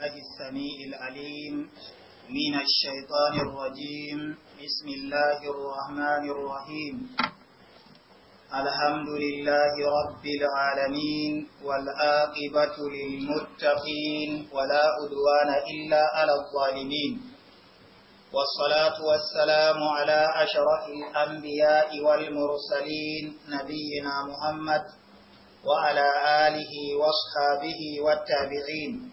الله السميع العليم من الشيطان الرجيم بسم الله الرحمن الرحيم الحمد لله رب العالمين والآقبة للمتقين ولا أدوان إلا على الظالمين والصلاة والسلام على أشرف الأنبياء والمرسلين نبينا محمد وعلى آله واصحابه والتابعين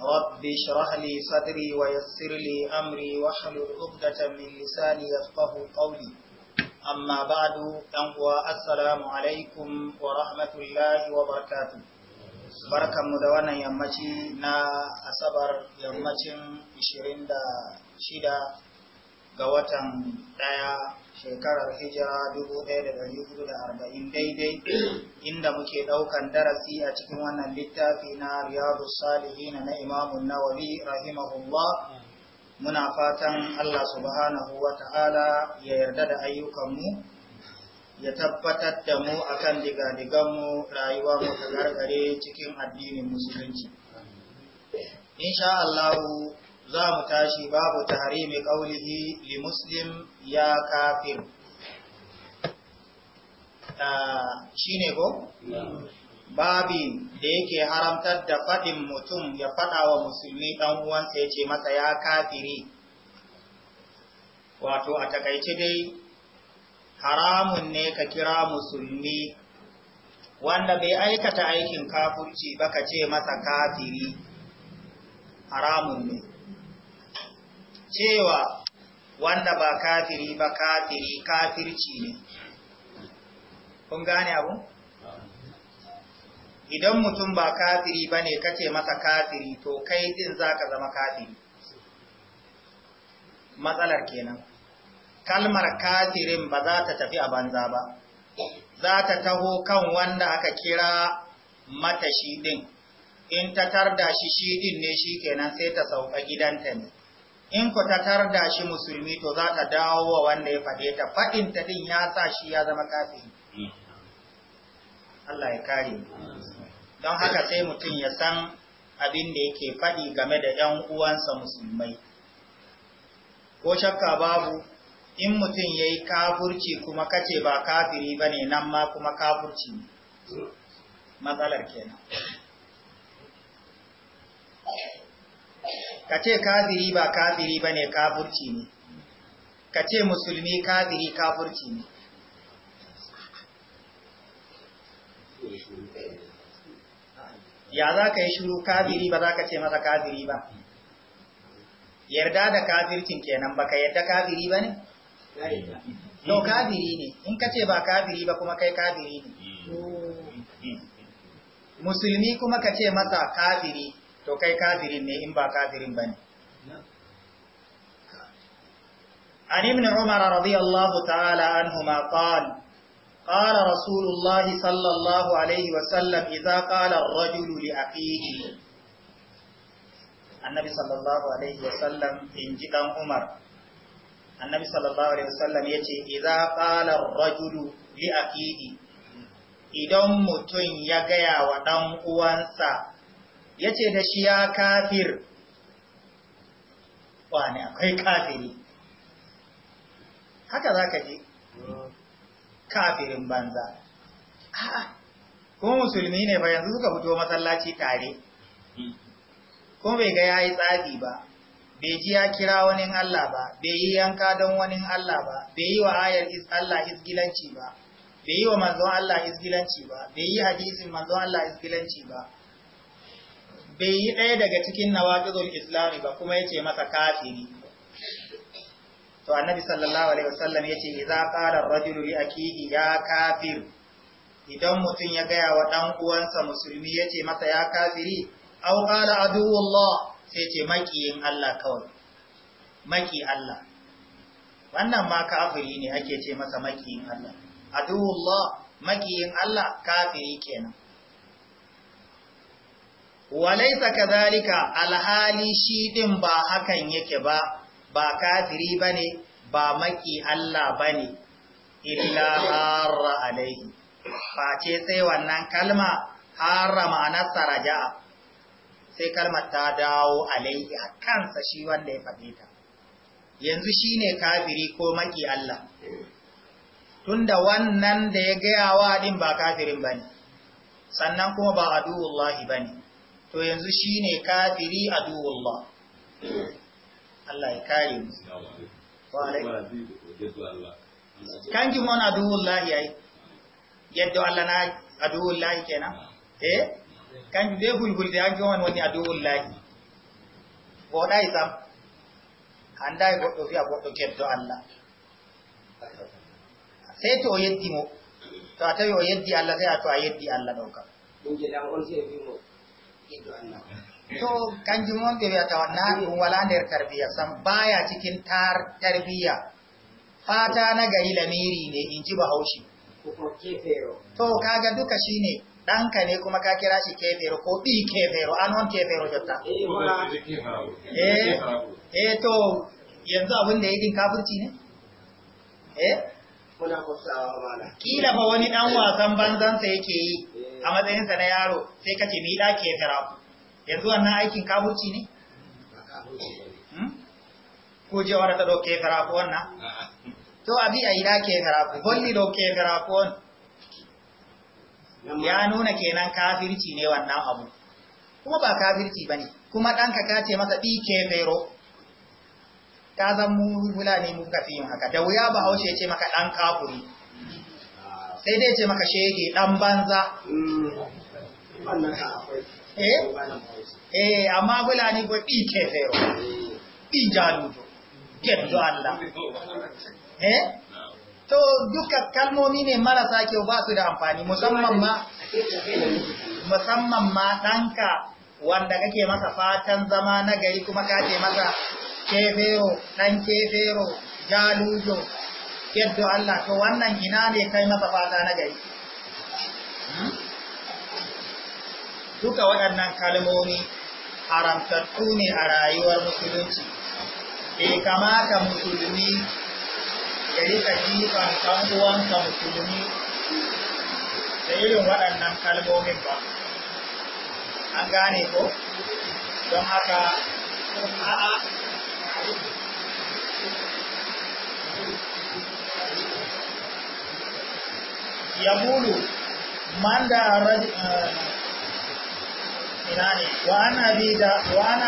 رب اشرح لي صدري ويسر لي أمري واحلل عقدة من لساني يفقه قولي أما بعد أنقوى السلام عليكم ورحمة الله وبركاته barkan mu da wannan yammaci na asabar yammacin 26 ga watan ɗaya. shekarar hijira dubu ɗaya da arba'in daidai inda muke ɗaukan darasi a cikin wannan littafi na riyadu salihin na imamun nawawi rahimahullah muna fatan Allah subhanahu wa ta'ala ya yarda da ayyukanmu ya tabbatar da mu a akan digadiganmu rayuwa mu ta gargare cikin addinin musulunci. Insha Allahu za mu tashi babu tahrimi qaulihi li muslim ya kafir ah, shine ko babi da yake haramtar da faɗin mutum ya faɗawa wa musulmi ɗan uwansa ya ce masa ya kafiri wato a takaice dai haramun ne ka kira musulmi wanda bai aikata aikin kafurci ba ka ce masa kafiri haramun ne cewa wanda ba kafiri ba kafiri kafirci ne kun gane abu idan mutum ba kafiri ba ne kace masa kafiri to kai din zaka zama kafiri matsalar kenan kalmar kafirin ba za ta tafi a banza ba za ta taho kan wanda aka kira mata shi din in ta tarda shi shi din ne shi kenan sai ta sauka gidanta ne in ku ta tarda shi musulmi to za ta dawo wa wanda ya faɗe ta faɗin ta din ya sa shi ya zama kafin. Allah ya kare don haka sai mutum ya san abin da yake faɗi game da ‘yan uwansa musulmai ko shakka babu in mutum ya yi kafurci kuma kace ba kafiri ba ne nan ma kuma kafurci matsalar kenan ka ce kafiri ba kafiri ba ne kafurci ne ka ce musulmi kafiri kafurci ne ya za ka yi shuru kafiri ba za ka ce masa kafiri ba yarda da kafircin kenan ba ka yarda kafiri ba ne? no kafiri ne in ka ce ba kafiri ba kuma kai kafiri ne hmm. musulmi kuma ka ce masa kafiri to kai kafirin ne in ba kafirin ba ne عن ابن عمر ta'ala anhuma تعالى عنهما قال قال رسول الله صلى الله عليه وسلم إذا قال الرجل annabi sallallahu alaihi wasallam in ji dan Umar annabi sallallahu alaihi sallam yace idza qala ar-rajulu li aqidi idan mutun ya gaya wa dan uwansa ya ce da shi ya kafir Wani akwai kafiri haka za ka ji kafirin banza kuma musulmi ne ba yanzu suka fito masallaci tare kuma bai ga ya yi tsadi ba bai ji ya kira wani Allah ba bai yi yanka don wani Allah ba bai yi wa ayar Allah isgilanci ba bai yi wa manzon Allah isgilanci ba bai yi hadisin manzon Allah isgilanci ba bai yi ɗaya daga cikin nawaqidul islami ba kuma yace masa kafiri to annabi sallallahu alaihi wasallam yace idza qala ar-rajulu li akhihi ya kafir idan mutun ya gaya wa dan uwansa musulmi yace masa ya kafiri aw qala aduwullah sai yace makiyin Allah kawai maki Allah wannan ma kafiri ne ake ce masa makiyin Allah aduwullah makiyin Allah kafiri kenan walaisa kazalika alhali shi din ba hakan yake ba ba kafiri bane ba maki Allah bane illa harra alaihi face sai wannan kalma harra ma'ana saraja sai kalmar ta dawo alaihi a kansa shi wanda ya faɗe ta yanzu shi ne kafiri ko maki Allah tunda wannan da ya gaya wa ɗin ba kafirin ba ne sannan kuma ba aduwullahi ba ne to yanzu shine kafiri ba. Allah ya kare mu wa alaikum duwun lahi ya yi? Yadda Allah na aduwullahi kenan eh kanji be wani anji on woni aduwullahi yi sam handai goɗɗo fiya goɗɗo keddo Allah sai to o mu. mo to a tawi o yaddi Allah sai a to a yaddi Allah ɗauka to kanjumon ke wiyata wannan wala nder tarbiya san baya cikin tar tarbiya fata na gari lamiri ne in ji haushi to kaga duka shine ɗanka ne kuma ka kira shi kefero ko bi kefero an hon kefero jotta eh eh, eh to yanzu abin da yake kafirci ne eh kila ba wani dan wasan banzansa yake yi eh. a matsayinsa na yaro sai kace mi da ke tara yanzu wannan aikin kaburci ne hmm? ko wara ta doke fara ko wannan to abi a da ke ya tara ko bolli doke fara ko ya nuna kenan kafirci ne wannan abu kuma ba kafirci bane kuma dan ka kace masa bi ke fero ta zan mu hula haka da wuya ba haushe ce maka dan kafuri sai dai ce maka shege dan banza mm. eh eh amma gulani ko bi ke fero bi jaluto do Allah eh to duka kalmomi ne marasa kyau ba su da amfani musamman ma musamman ma danka wanda kake masa fatan zama na gari kuma kace masa kefero dan kefero jalujo yadda Allah to wannan ina ne kai masa fata na gari hmm? duka waɗannan kalmomi haramtattu ne a rayuwar musulunci kama e, kamata musulmi ya rika jifan ɗan'uwansa musulmi da irin waɗannan kalmomin ba an gane ko don haka a'a يقول من دعا رجل آه، وانا وعن أبي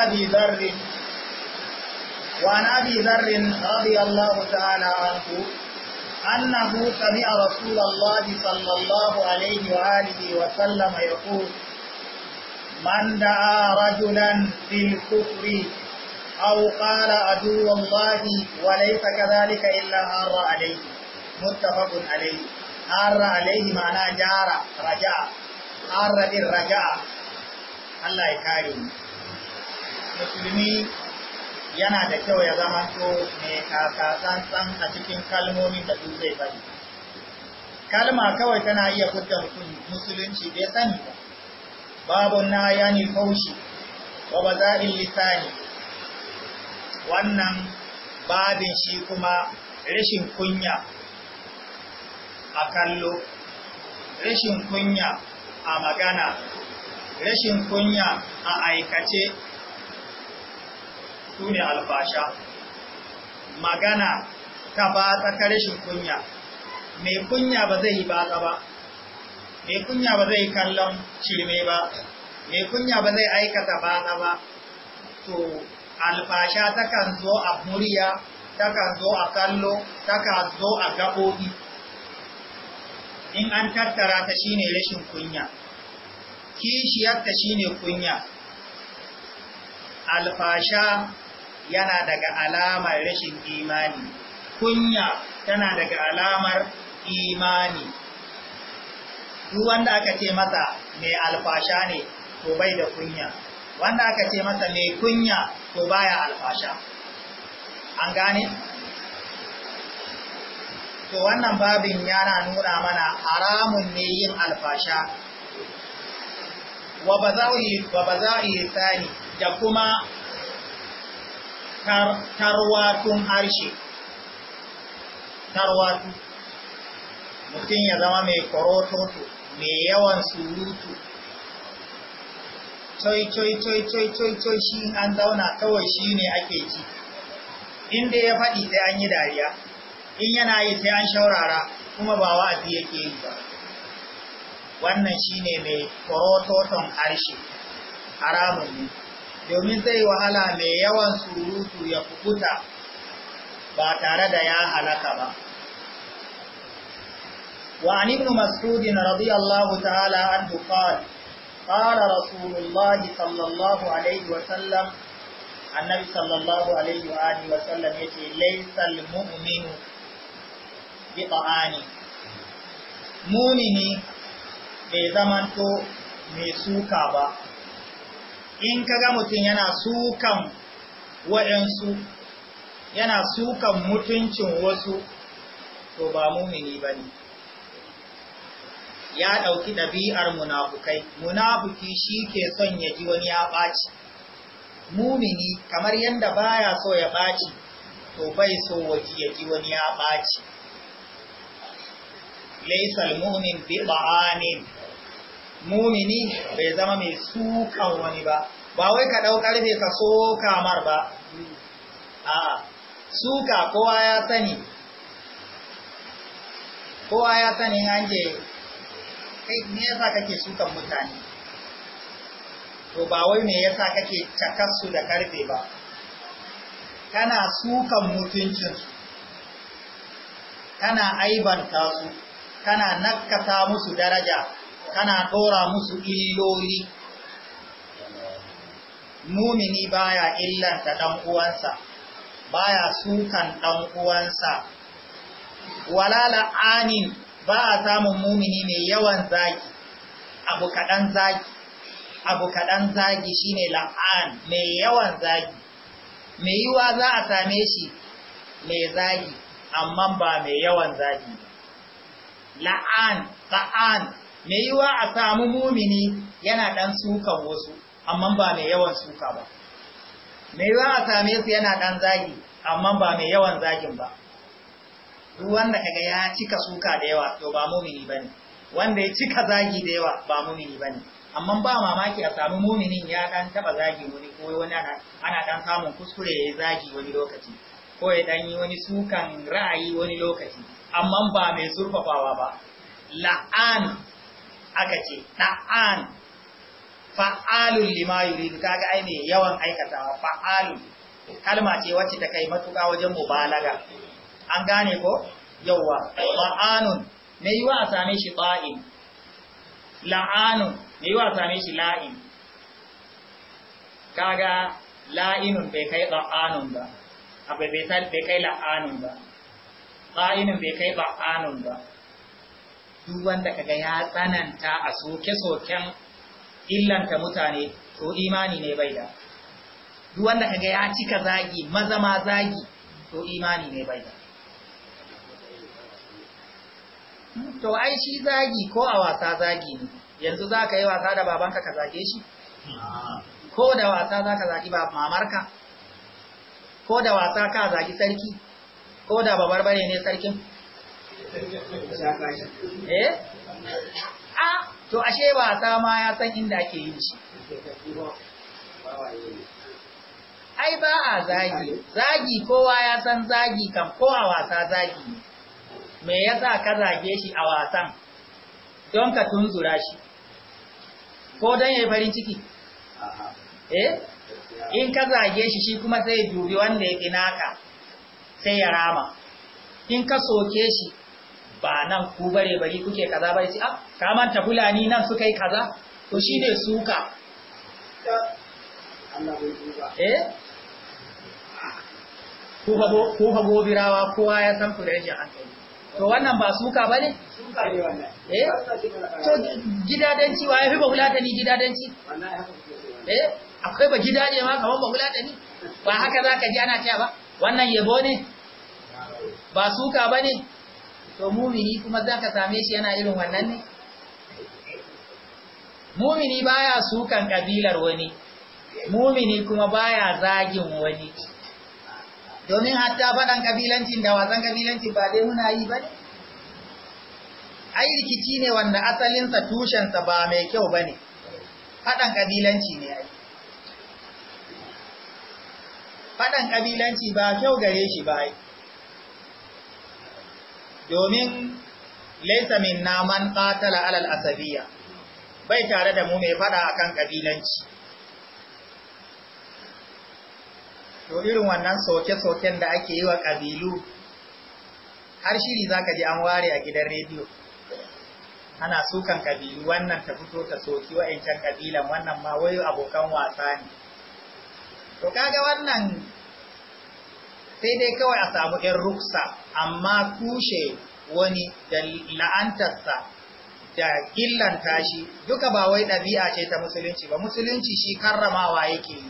أبي ذر وعن أبي ذر رضي الله تعالى عنه أنه سمع رسول الله صلى الله عليه وآله وسلم يقول من دعا رجلا في الكفر أو قال عدو الله وليس كذلك إلا هر عليه متفق عليه harra alaihi ma'ana jara raja harra din raja Allah ya kare mu musulmi yana da kyau ya zama to mai tsantsan a cikin kalmomin da su zai faɗi kalma kawai tana iya fitar musulunci bai sani ba Babu na yani faushi wa baza'il lisani wannan babin shi kuma rashin kunya a kallo rashin kunya a magana rashin kunya a aikace su ne alfasha magana ta ba ta rashin kunya mai kunya ba zai yi baza ba mai kunya ba zai kallon shirme ba mai kunya ba zai aikata baza ba to alfasha takan zo a murya takan zo a kallo takan zo a gaɓoɓi in an tattara ta shine rashin kunya kishiyarta shine kunya alfasha yana daga alamar rashin imani kunya tana daga alamar imani duk wanda aka ce masa mai alfasha ne to bai da kunya wanda aka ce masa mai kunya to baya alfasha an gane to wannan babin yana nuna mana haramun ne yin alfasha wa baza'i sani da kuma tarwatun harshe tarwatu mutum ya zama mai korototo mai yawan surutu coi coi coi coi coi coi shi an zauna kawai shi ne ake ji inda ya faɗi sai an yi dariya in yana yi sai an shaurara kuma ba wa'azi yake yi ba wannan shine mai korototon harshe haramun ne domin zai wahala mai yawan surutu ya kubuta ba tare da ya halaka ba وعن ابن مسعود رضي الله تعالى عنه قال قال رسول الله صلى الله عليه وسلم النبي صلى الله عليه وآله وسلم يقول ليس المؤمن bi ta'ani mumini bai to mai suka ba in kaga mutum yana sukan waɗansu yana sukan mutuncin wasu to ba mumini ba ne ya ɗauki ɗabi'ar munafukai munafuki shi ke son ya ji wani ya ɓaci mumini kamar yadda baya so ya ɓaci to bai so waje ya ji wani ya ɓaci laisal mu'min bi ba'anin mumini bai zama mai suka wani ba ba wai ka ɗau ƙarfe ka so kamar ba a suka kowa ya sani kowa ya sani an je kai me yasa kake suka mutane to ba wai me yasa kake cakassu da karfe ba kana sukan mutuncin. kana aibanta su kana nakasa musu daraja kana ɗora musu illoli mumini baya illanta dan uwansa baya sukan dan uwansa wala la'anin ba a samun mumini mai yawan zagi abu kaɗan zagi abu kadan zagi shine la'an mai yawan zagi mai yiwa za a same shi mai zagi amma ba mai yawan zagi la'an la'an me yiwa a samu mumini yana dan sukan wasu amma ba mai yawan suka ba Me yiwa a same su yana dan zagi amma ba mai yawan zagin ba duk wanda kaga ya cika suka da yawa to ba mumini bane wanda ya cika zagi da yawa ba mumini bane amma ba mamaki a samu muminin ya dan taba zagi wani ko wani ana dan samun kuskure ya zagi wani lokaci ko ya dan yi wani sukan ra'ayi wani lokaci amma ba mai zurfafawa ba la'an aka ce la'an fa'alun lima yuridu kaga ai mai yawan aikatawa fa'alun kalma ce wacce ta kai matuƙa wajen mu balaga. an gane ko yawa la'anun me wa a same shi ba'in la'anun me wa a same shi la'in ga la'inun bai kai la'anun ba abai bai kai la'anun ba tsayinin bai kai tsakanin ba duk wanda kaga ya tsananta a soke-soken illanta mutane to imani ne bai da duk wanda kaga ya cika zagi mazama zagi to imani ne bai da to ai shi zagi ko a wasa zagi ne yanzu za ka yi wasa da babanka ka zage shi ko da wasa za ka zagi mamarka ko da wasa ka zagi sarki ko da babar bare ne sarkin eh a to ashe ba ta ma ya san inda ake yin shi ai ba a zagi zagi kowa ya san zagi kan ko a wasa zagi me yasa ka zage shi a wasan don ka tunzura shi ko don ya farin ciki eh in ka zage shi shi kuma sai dubi wanda ya fi naka sai ya rama in ka soke shi ba nan ku bare bari kuke kaza bai ce ah ka manta fulani nan suka yi kaza to shi ne suka eh ku fa gobirawa kowa ya san kurejin hankali to wannan ba suka ba ne? suka ne wannan eh to gidadanci wa ya fi ba hulatani gidadanci eh akwai ba gidaje ma kamar ba ni ba haka za ka ji ana cewa ba wannan yabo ne ba suka ba ne to mumini kuma za ka same shi yana irin wannan ne mumini baya sukan kabilar wani mumini kuma baya zagin wani domin hatta faɗan kabilancin da wasan kabilancin ba dai muna yi ba ne ai rikici ne wanda asalinsa tushensa ba mai kyau ba ne faɗan kabilanci ne ai faɗan ƙabilanci ba kyau gare shi ba domin laisa min naman ƙatala alal asabiya bai tare da mu mai faɗa akan ƙabilanci to irin wannan soke-soken da ake yi wa ƙabilu har shiri za ka ji an ware a gidan rediyo ana sukan ƙabilu wannan ta fito ta soki wa'ancan ƙabilan wannan ma wayo abokan wasa ne to kaga wannan sai dai kawai a samu ‘yan ruksa amma kushe wani da la'antarsa da illan tashi, duka ba wai ɗabi'a ce ta musulunci ba musulunci shi karramawa yake yi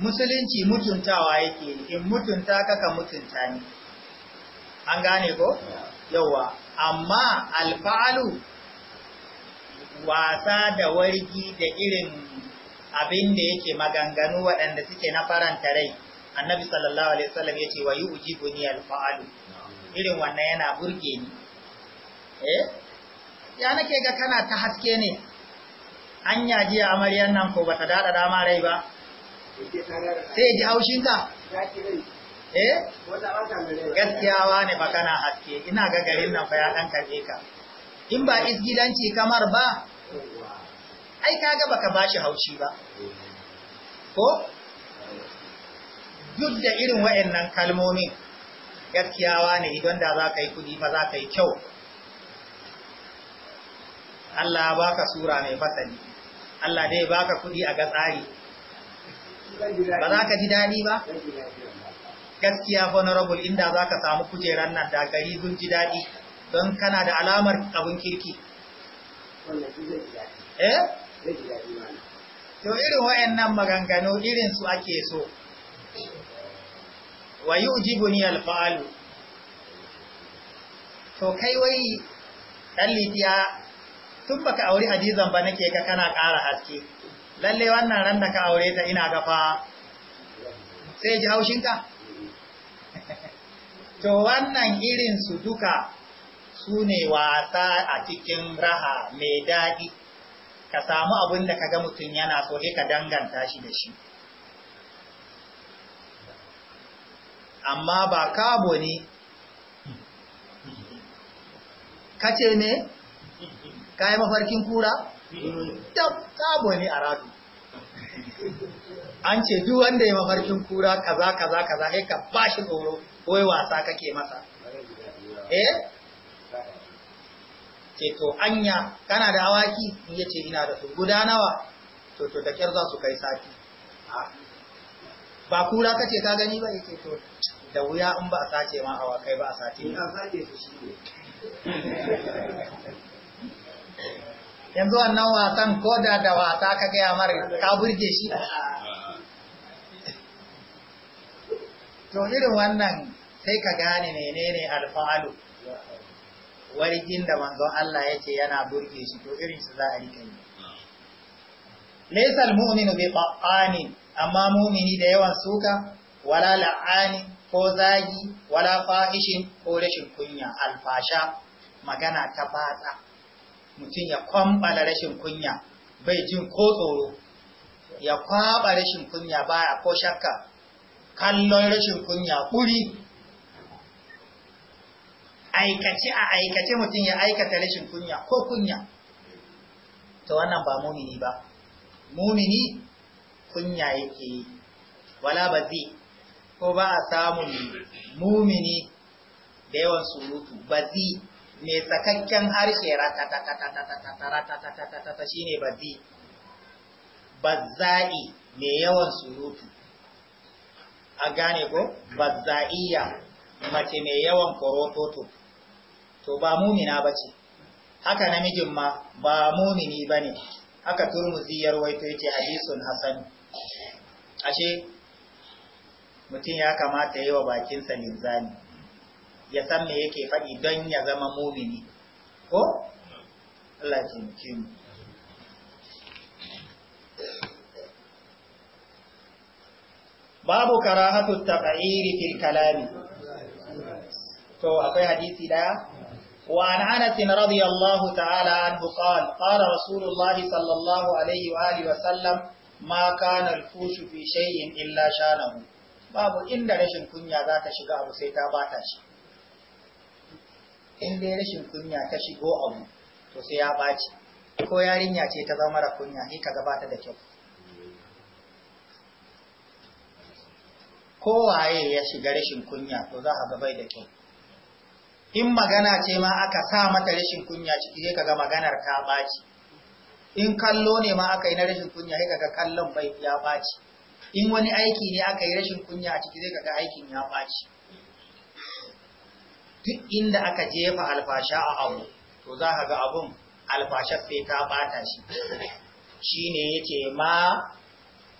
musulunci mutuntawa yake yi in mutunta kaka mutunta ne an gane ko yawa amma alfa'alu wasa da wargi da irin abin da yake maganganu waɗanda suke na faranta rai annabi sallallahu alaihi wasallam yace wa yujibu ni al-fa'alu irin wannan yana burge ni eh ya nake ga kana ta haske ne an ji a amaryan nan ko bata dada dama rai ba sai ji haushin ka eh gaskiya wane ba kana haske ina ga garin nan fa ya dan karbe ka in ba is-gidanci kamar ba ai kaga baka bashi haushi ba ko duk da irin wa'annan kalmomin gaskiyawa ne idan da za ka yi kudi fa za ka yi kyau Allah baka sura mai fasali Allah dai baka kudi a ga tsari ba za ka ji dadi ba gaskiya honorable inda za ka samu kujerar nan da gari sun ji dadi don kana da alamar abin kirki eh to irin wa'annan maganganu irin su ake so wa ni alfa'alu to kai wai ɗan litiya tun baka auri hadizan ba nake ka kana ƙara haske lalle wannan ran da ka aure ta ina gafa fa sai ji haushinka to wannan irin su duka su ne wasa a cikin raha mai daɗi ka samu abin da ka ga mutum yana so ka danganta shi da shi amma ba kabo ne kace ne kayi mafarkin kura tab kabo ne a radu an ce duk wanda ya mafarkin kura kaza kaza kaza sai ka bashi tsoro wai wasa kake masa eh ce to anya kana da awaki ya ce ina da su guda nawa to to da kyar za su kai sati ba kura ka ce ka gani ba ya ce to da wuya in ba a sace ma awakai ba a sati yanzu wannan wasan ko da da wasa ka gaya mara ka burge shi to irin wannan sai ka gane menene alfa'alu wani da manzon Allah ya ce yana burge shi to irin su za a rika yi laysal mu'minu bi qaqqani amma mu'mini da yawan suka wala la'ani ko zagi wala fa'ishin, ko rashin kunya alfasha magana ta fata mutum ya kwambala rashin kunya bai jin ko tsoro ya kwaba rashin kunya baya ko shakka kallon rashin kunya kuri aikace a aikace mutum ya aikata rashin kunya ko kunya to wannan ba mumini ba mumini kunya yake yi wala ba zai ko ba a samun mumini da yawan surutu ba zai mai tsakakken harshe ratatatatatatatata shi ne ba zai mai yawan surutu a gane ko Bazaiya mace mai yawan korototo to ba mumina ba ce haka namijin ma ba mumini ba ne haka turmuzi ya rawaito ya ce hasan ashe mutum ya kamata yi wa bakinsa linzani, ya san me yake faɗi don ya zama mumini ko? Allah ya mu babu karahatu tabairi fil kalami to akwai hadisi ɗaya. وعن أنس رضي الله تعالى عنه قال قال رسول الله صلى الله عليه وآله وسلم ما كان الفوش في شيء إلا شانه babu inda rashin kunya za ta shiga abu sai ta bata shi in dai rashin kunya ta shigo abu to sai ya baci ko yarinya ce ta zama mara kunya sai ka gabata da kyau Ko waye ya shiga rashin kunya to za a gabai da kyau in magana ce ma aka sa mata rashin kunya ciki sai kaga maganar ta baci in kallo ne ma aka yi na rashin kunya sai kaga kallon bai ya baci in wani aiki ne aka yi rashin kunya a ciki sai kaga aikin ya baci duk inda aka jefa alfasha a abu to za ka ga abun alfashar sai ta bata shi Shi ne yake ma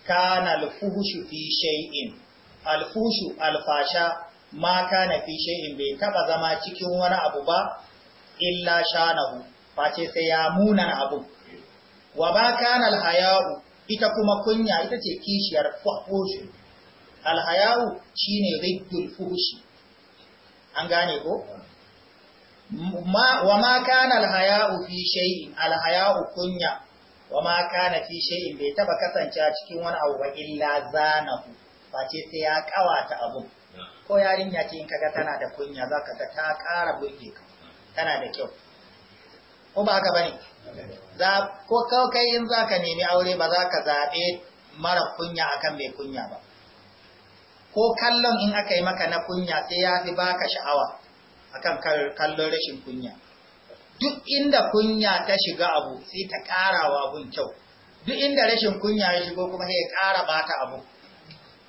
kana alfuhushu fi shay'in alfushu alfasha ma kana fi shay'in bai taba zama cikin wani abu ba illa shanahu face sai ya munan abu wa ba kana alhaya'u ita kuma kunya ita ce kishiyar fuhushi alhaya'u shine riddul fuhushi an gane ko wa ma kana alhaya'u fi shay'in alhaya'u kunya wa ma kana fi shay'in bai taba kasance cikin wani abu ba illa zanahu face sai ya kawata abun ko yarinya ce in kaga tana da kunya za ka ta ƙara burge ka tana da kyau ko ba haka bane za ko kai in za ka nemi aure ba za ka zaɓe mara kunya akan mai kunya ba ko kallon in aka yi maka na kunya sai ya fi baka sha'awa akan kallon rashin kunya duk inda kunya ta shiga abu sai ta wa abun kyau duk inda rashin kunya ya shigo kuma sai ya ƙara bata abu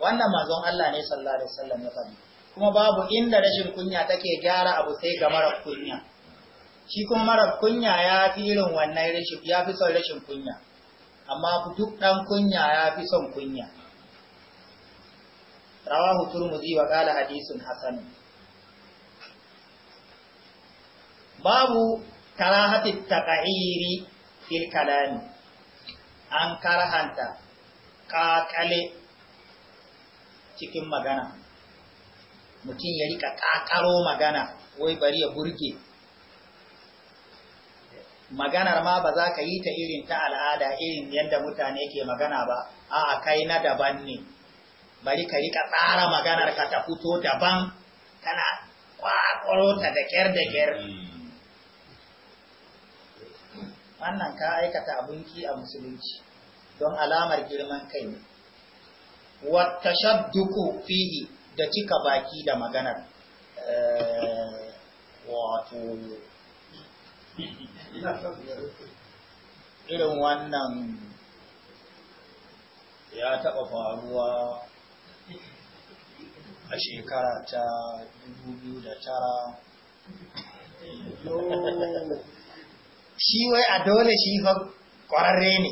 wannan manzon Allah ne sallallahu alaihi wasallam ya faɗi kuma babu inda rashin kunya take gyara abu sai ga mara kunya shi kuma mara kunya ya fi irin wannan rashin ya fi son rashin kunya amma duk dan kunya ya fi son kunya rawahu turmuzi wa qala hadisun hasan babu karahati taqiri fil kalami an karahanta kale cikin magana mutum ya rika kakaro magana wai bari ya burge maganar ma ba za ka yi ta irin ta al'ada irin yadda mutane ke magana ba a kai na daban ne bari ka rika tsara maganar ka ta fito daban kana kwakwaro ta da kyar da kyar wannan ka aikata abinci a musulunci don alamar girman kai ne wata shabduku fihi da cika baki da maganar eh, wato irin wannan ya taɓa faruwa a shekara ta 2009 shi wai a dole shi fa ƙwararre ne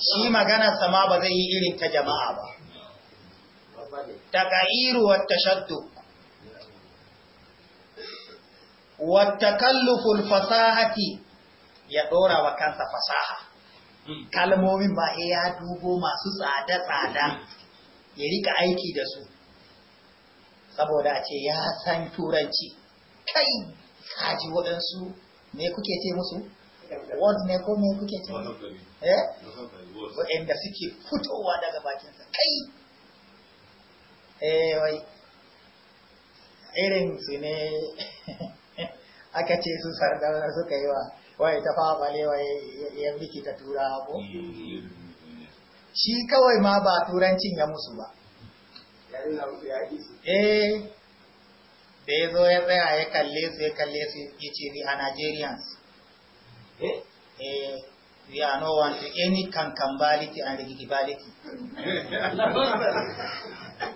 shi maganarsa ma ba zai yi irin ta jama'a ba wata تغيير والتشدد والتكلف الفصاحة ya ɗora wa kansa fasaha kalmomin ba ya dubo masu tsada-tsada ya rika aiki dasu su saboda ce ya san turanci kai kaji waɗansu me kuke ce musu word ne ko kuke ce musu eh suke fitowa daga bakinsa kai eh wai irin su ne aka ce su sardauna suka yi wa wai ta fafale wai ya biki ta tura ko shi kawai ma ba turancin ya musu ba eh da ya zo ya tsaya ya kalle su ya kalle su ya ce we are Nigerians eh, eh we are no one to any kankambali and rigidibality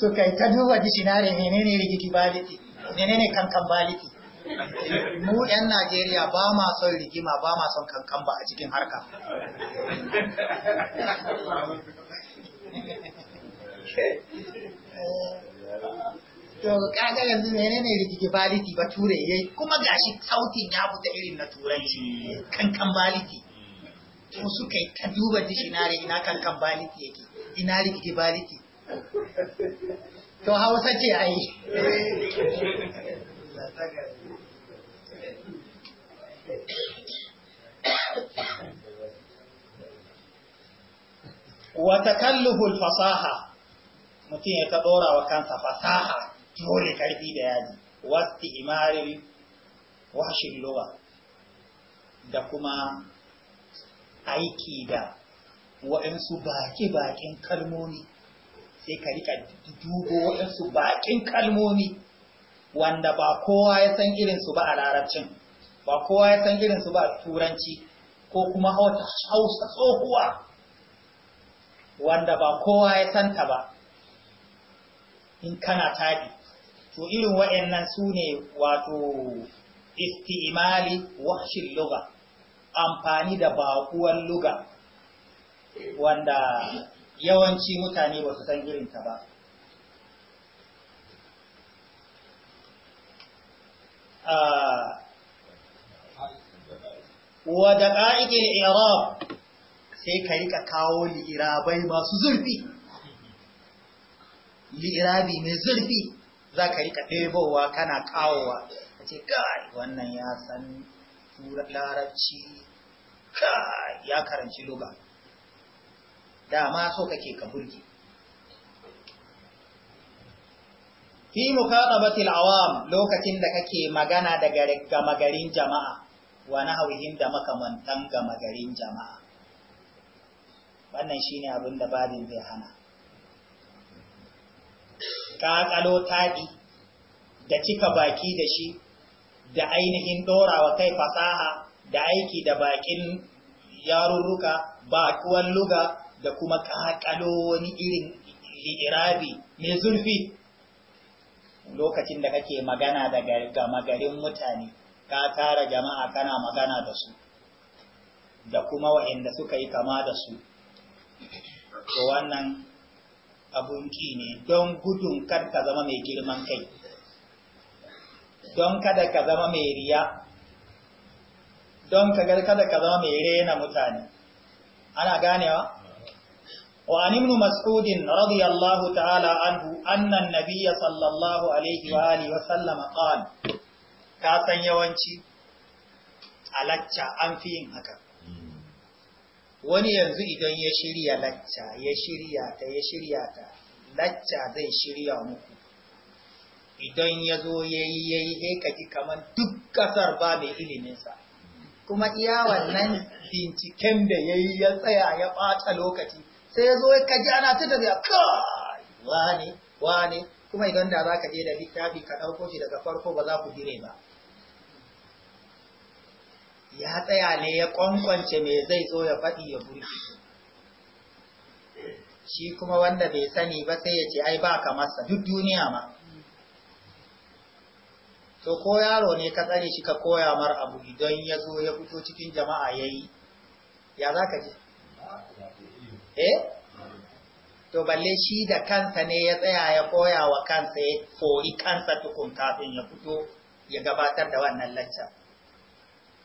suka yi ta duba dishinare menene rigiki baliki menene kankan baliki mu 'yan Najeriya ba ma son rigima ba ma son kankan ba a cikin harka. To kaga yanzu menene rigiki baliki ba ture yayi kuma gashi sautin ya fita irin na turanci kankan baliki To suka yi ta duba dishinare ina kankan baliki yake ina rigiki baliki to hausa ce a yi wata kalluhul fasaha mutum ya ta ɗora wa kansa fasaha dole karfi da yaji wasu imarin washin luwa, da kuma aiki da waɗansu baki-bakin kalmomi sai ka riƙa dubo waɗansu baƙin kalmomi wanda ba kowa ya san irinsu ba a larabcin ba kowa ya san irinsu ba a turanci ko kuma hausa tsohuwa wanda ba kowa ya santa ba in kana taɗi to irin waɗannan su ne wato istimali wahshin luga amfani da baƙuwan luga wanda yawanci mutane ba su san ta ba ah, wa da ƙa'iƙin irab sai ka rika kawo li'irabai masu zurfi li'irabi mai zurfi za ka rika ɗebowa kana kawowa a ce kai wannan ya san larabci kai ya karanci lugar dama so kake ka burge fi mukatabatil awam lokacin da kake magana daga gama garin jama'a wa nahawihim da makamantan gama garin jama'a wannan shine abin da babin zai hana kalo taɗi da cika baki da shi da ainihin ɗorawa kai fasaha da aiki da bakin yarurruka ba bakuwan luga da kuma kakalo wani irin irabi mai zurfi lokacin da kake magana da gama garin mutane ka tara jama'a kana magana da su da kuma waɗanda suka yi kama da su to wannan abun ki ne don gudun kar zama mai girman kai don kada ka zama mai riya don kada ka zama mai rena mutane ana ganewa وعن ابن مسعود رضي الله تعالى عنه أن النبي صلى الله عليه وآله وسلم قال كاسن يوانشي ألتشا أنفين هكذا wani yanzu idan ya shirya lacca ya shirya ya shirya lacca zai shirya muku idan ya zo ya yi ya yi haikaki kamar duk ƙasar ba iliminsa kuma iya wannan binciken da ya yi ya tsaya ya ɓata lokaci sai ya zo ka ji ana ta tafiya kai wane wane kuma idan da za ka je da littafi ka ɗauko shi daga farko ba za ku dire ba ya tsaya ne ya kwankwance me zai zo ya faɗi ya burki shi kuma wanda bai sani ba sai ya ce ai ba kamarsa duk duniya ma to ko yaro ne ka tsare shi ka koya mar abu idan ya zo ya fito cikin jama'a ya yi ya za ka je eh to balle shi da kansa ne ya tsaya ya koya wa kansa ya koyi kansa tukun kafin ya fito ya gabatar da wannan lacca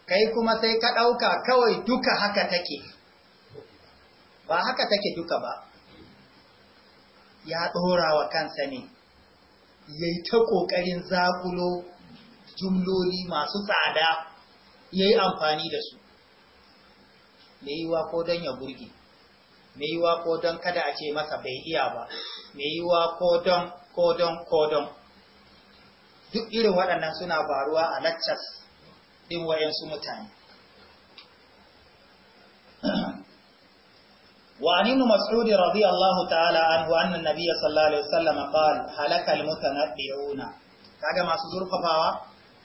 kai kuma sai ka ɗauka kawai duka haka take ba haka take duka ba ya ɗora wa kansa ne ya yi ta ƙoƙarin zakulo jumloli masu tsada ya yi amfani da su da yiwa ko don ya burge mai yiwa ko don kada a ce masa bai iya ba mai yiwa ko don ko don ko don duk irin waɗannan suna faruwa a laccas ɗin wayansu mutane وعن ابن مسعود رضي الله تعالى عنه أن النبي صلى الله عليه وسلم قال هلك المتنبئون كما masu zurfafawa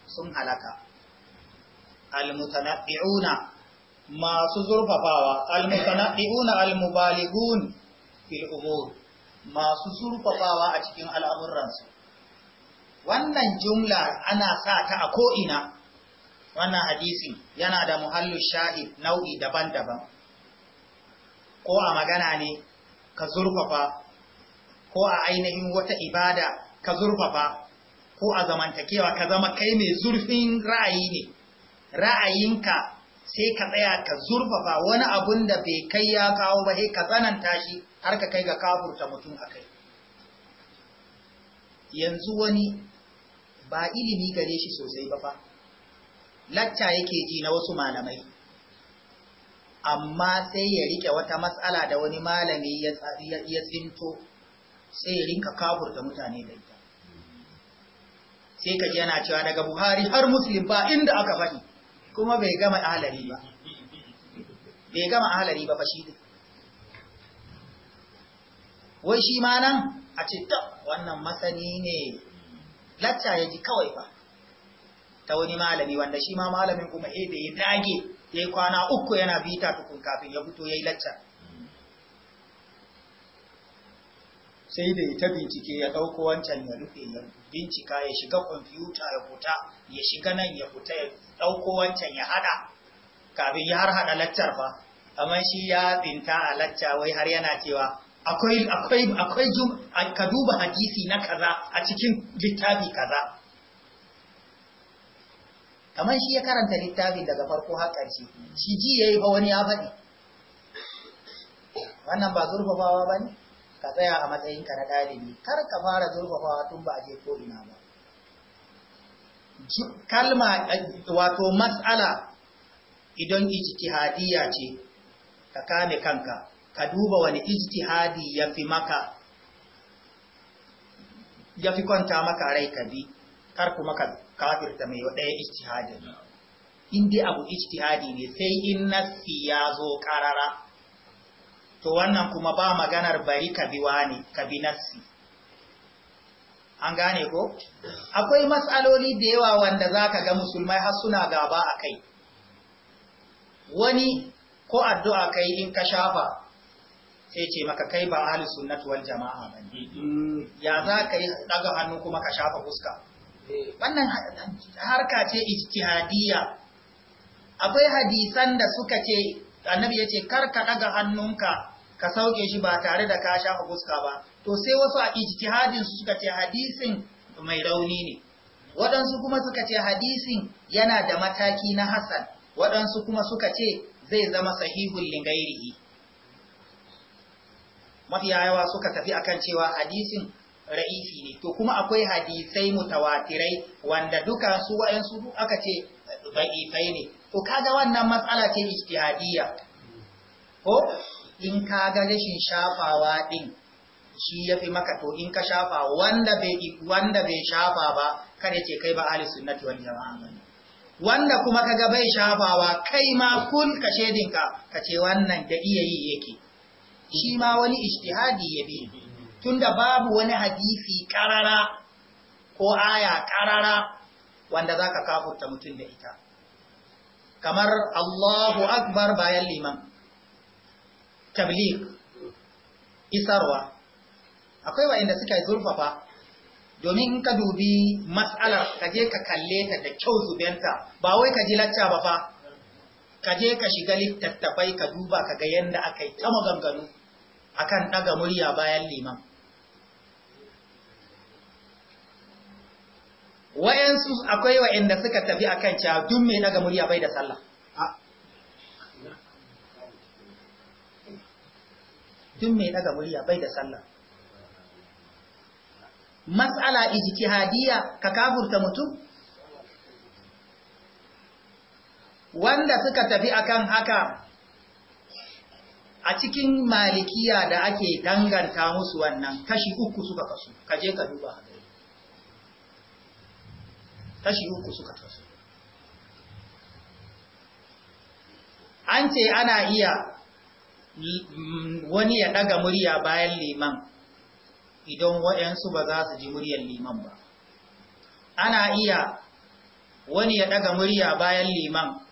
sun halaka المتنبئون masu zurfafawa almusana'iuna almubalighun fil umur masu zurfafawa a cikin al'amuransu wannan jumla ana sa ta a ko'ina wannan hadisin yana da muhallin sha'id nau'i daban-daban ko a magana ne ka zurfafa ko a ainihin wata ibada ka zurfafa ko a zamantakewa ka zama kai mai zurfin ra'ayi ne ra'ayinka sai ka tsaya ka zurfafa wani abun da bai kai ya kawo ba sai ka tsananta shi har ka kai ga kafurta mutum a kai. yanzu wani ba ilimi gare shi sosai ba fa lacca yake ji na wasu malamai amma sai ya rike wata matsala da wani malami ya tsinto sai ya rinka kafurta mutane da ita sai ka ji yana cewa daga buhari har musulun ba inda aka faɗi kuma bai gama ahalari ba bai gama ahalari ba fashi din wai shi ma nan a ce ta wannan masani ne lacca ya ji kawai ba ta wani malami wanda shi ma malamin kuma eh da ya dage ya kwana uku yana bita tukun kafin ya fito ya yi lacca sai da ta bincike ya ɗauko wancan ya rufe ya bincika ya shiga kwamfuta ya huta, ya shiga nan ya huta ya ɗauko wancan ya haɗa kafin ya har haɗa laccar ba. amma shi ya tsinta a lacca wai har yana cewa akwai akwai akwai ka duba hadisi na kaza a cikin littafi kaza kamar shi ya karanta littafi daga farko har ƙarshe shi ji yayi ba wani ya faɗi wannan ba zurfafawa ne? ka tsaya a matsayinka na ɗalibi kar ka fara zurfafawa tun ba a je ko ina ba kalma eh, wato matsala idan ijtihadiyya ce ka kame kanka ka duba wani ijtihadi ya fi maka ya fi kwanta maka rai ka bi kar kuma ka kafirta mai ɗaya ijtihadin indi abu ijtihadi ne sai in nassi ya zo ƙarara. to wannan kuma ba maganar bari ka bi wani ka bi nassi an gane ko akwai matsaloli da yawa wanda za ka ga musulmai har suna gaba kai, wani ko addu'a kai in ka shafa sai ce maka kai ba ahli sunnati wal jama'a bane ya za ka yi daga hannu kuma ka shafa fuska wannan harka ce ijtihadiyya akwai hadisan da suka ce annabi ya ce kar ka daga hannunka ka sauke shi ba tare da ka shafa fuska ba to sai wasu a ijtihadin su suka ce hadisin mai rauni ne waɗansu kuma suka ce hadisin yana da mataki na hasan waɗansu kuma suka ce zai zama sahihul lingairihi Mafi yawa suka tafi akan cewa hadisin ra'isi ne to kuma akwai hadisai mutawatirai wanda duka su wa'ansu aka ce da'ifai ne to kaga wannan matsala ce ijtihadiyya ko in ka ga rashin shafawa ɗin, shi ya fi maka to in ka shafa wanda bai shafa ba kada ya ce kai ba Ali sunnati wal jama'a bane wanda kuma ga bai shafawa kai ma kun ka shedinka ka ce wannan da iya yi yake shi ma wani ijtihadi ya bi tunda babu wani hadisi karara ko aya karara wanda zaka kafurta mutum da ita kamar Allahu akbar bayan liman tabliq isarwa akwai inda suka yi zurfafa domin in ka dubi matsalar ka je ka kalle ta da kyau zubenta ba wai ka ji lacca ba fa ka je ka shiga littattafai ka duba ka ga yadda aka yi ta maganganu akan ɗaga murya bayan liman wayansu akwai inda suka tafi akan cewa duk mai ɗaga murya bai da sallah tun mai daga murya bai da sallah matsala ijtihadiyya ka kafurta mutum wanda suka tafi akan haka a cikin malikiya da ake danganta musu wannan kashi uku suka kasu kaje ka duba kashi uku suka kasu an ce ana iya wani ya ɗaga murya bayan liman idan waɗansu ba za su ji muryar liman ba ana iya wani ya ɗaga murya bayan liman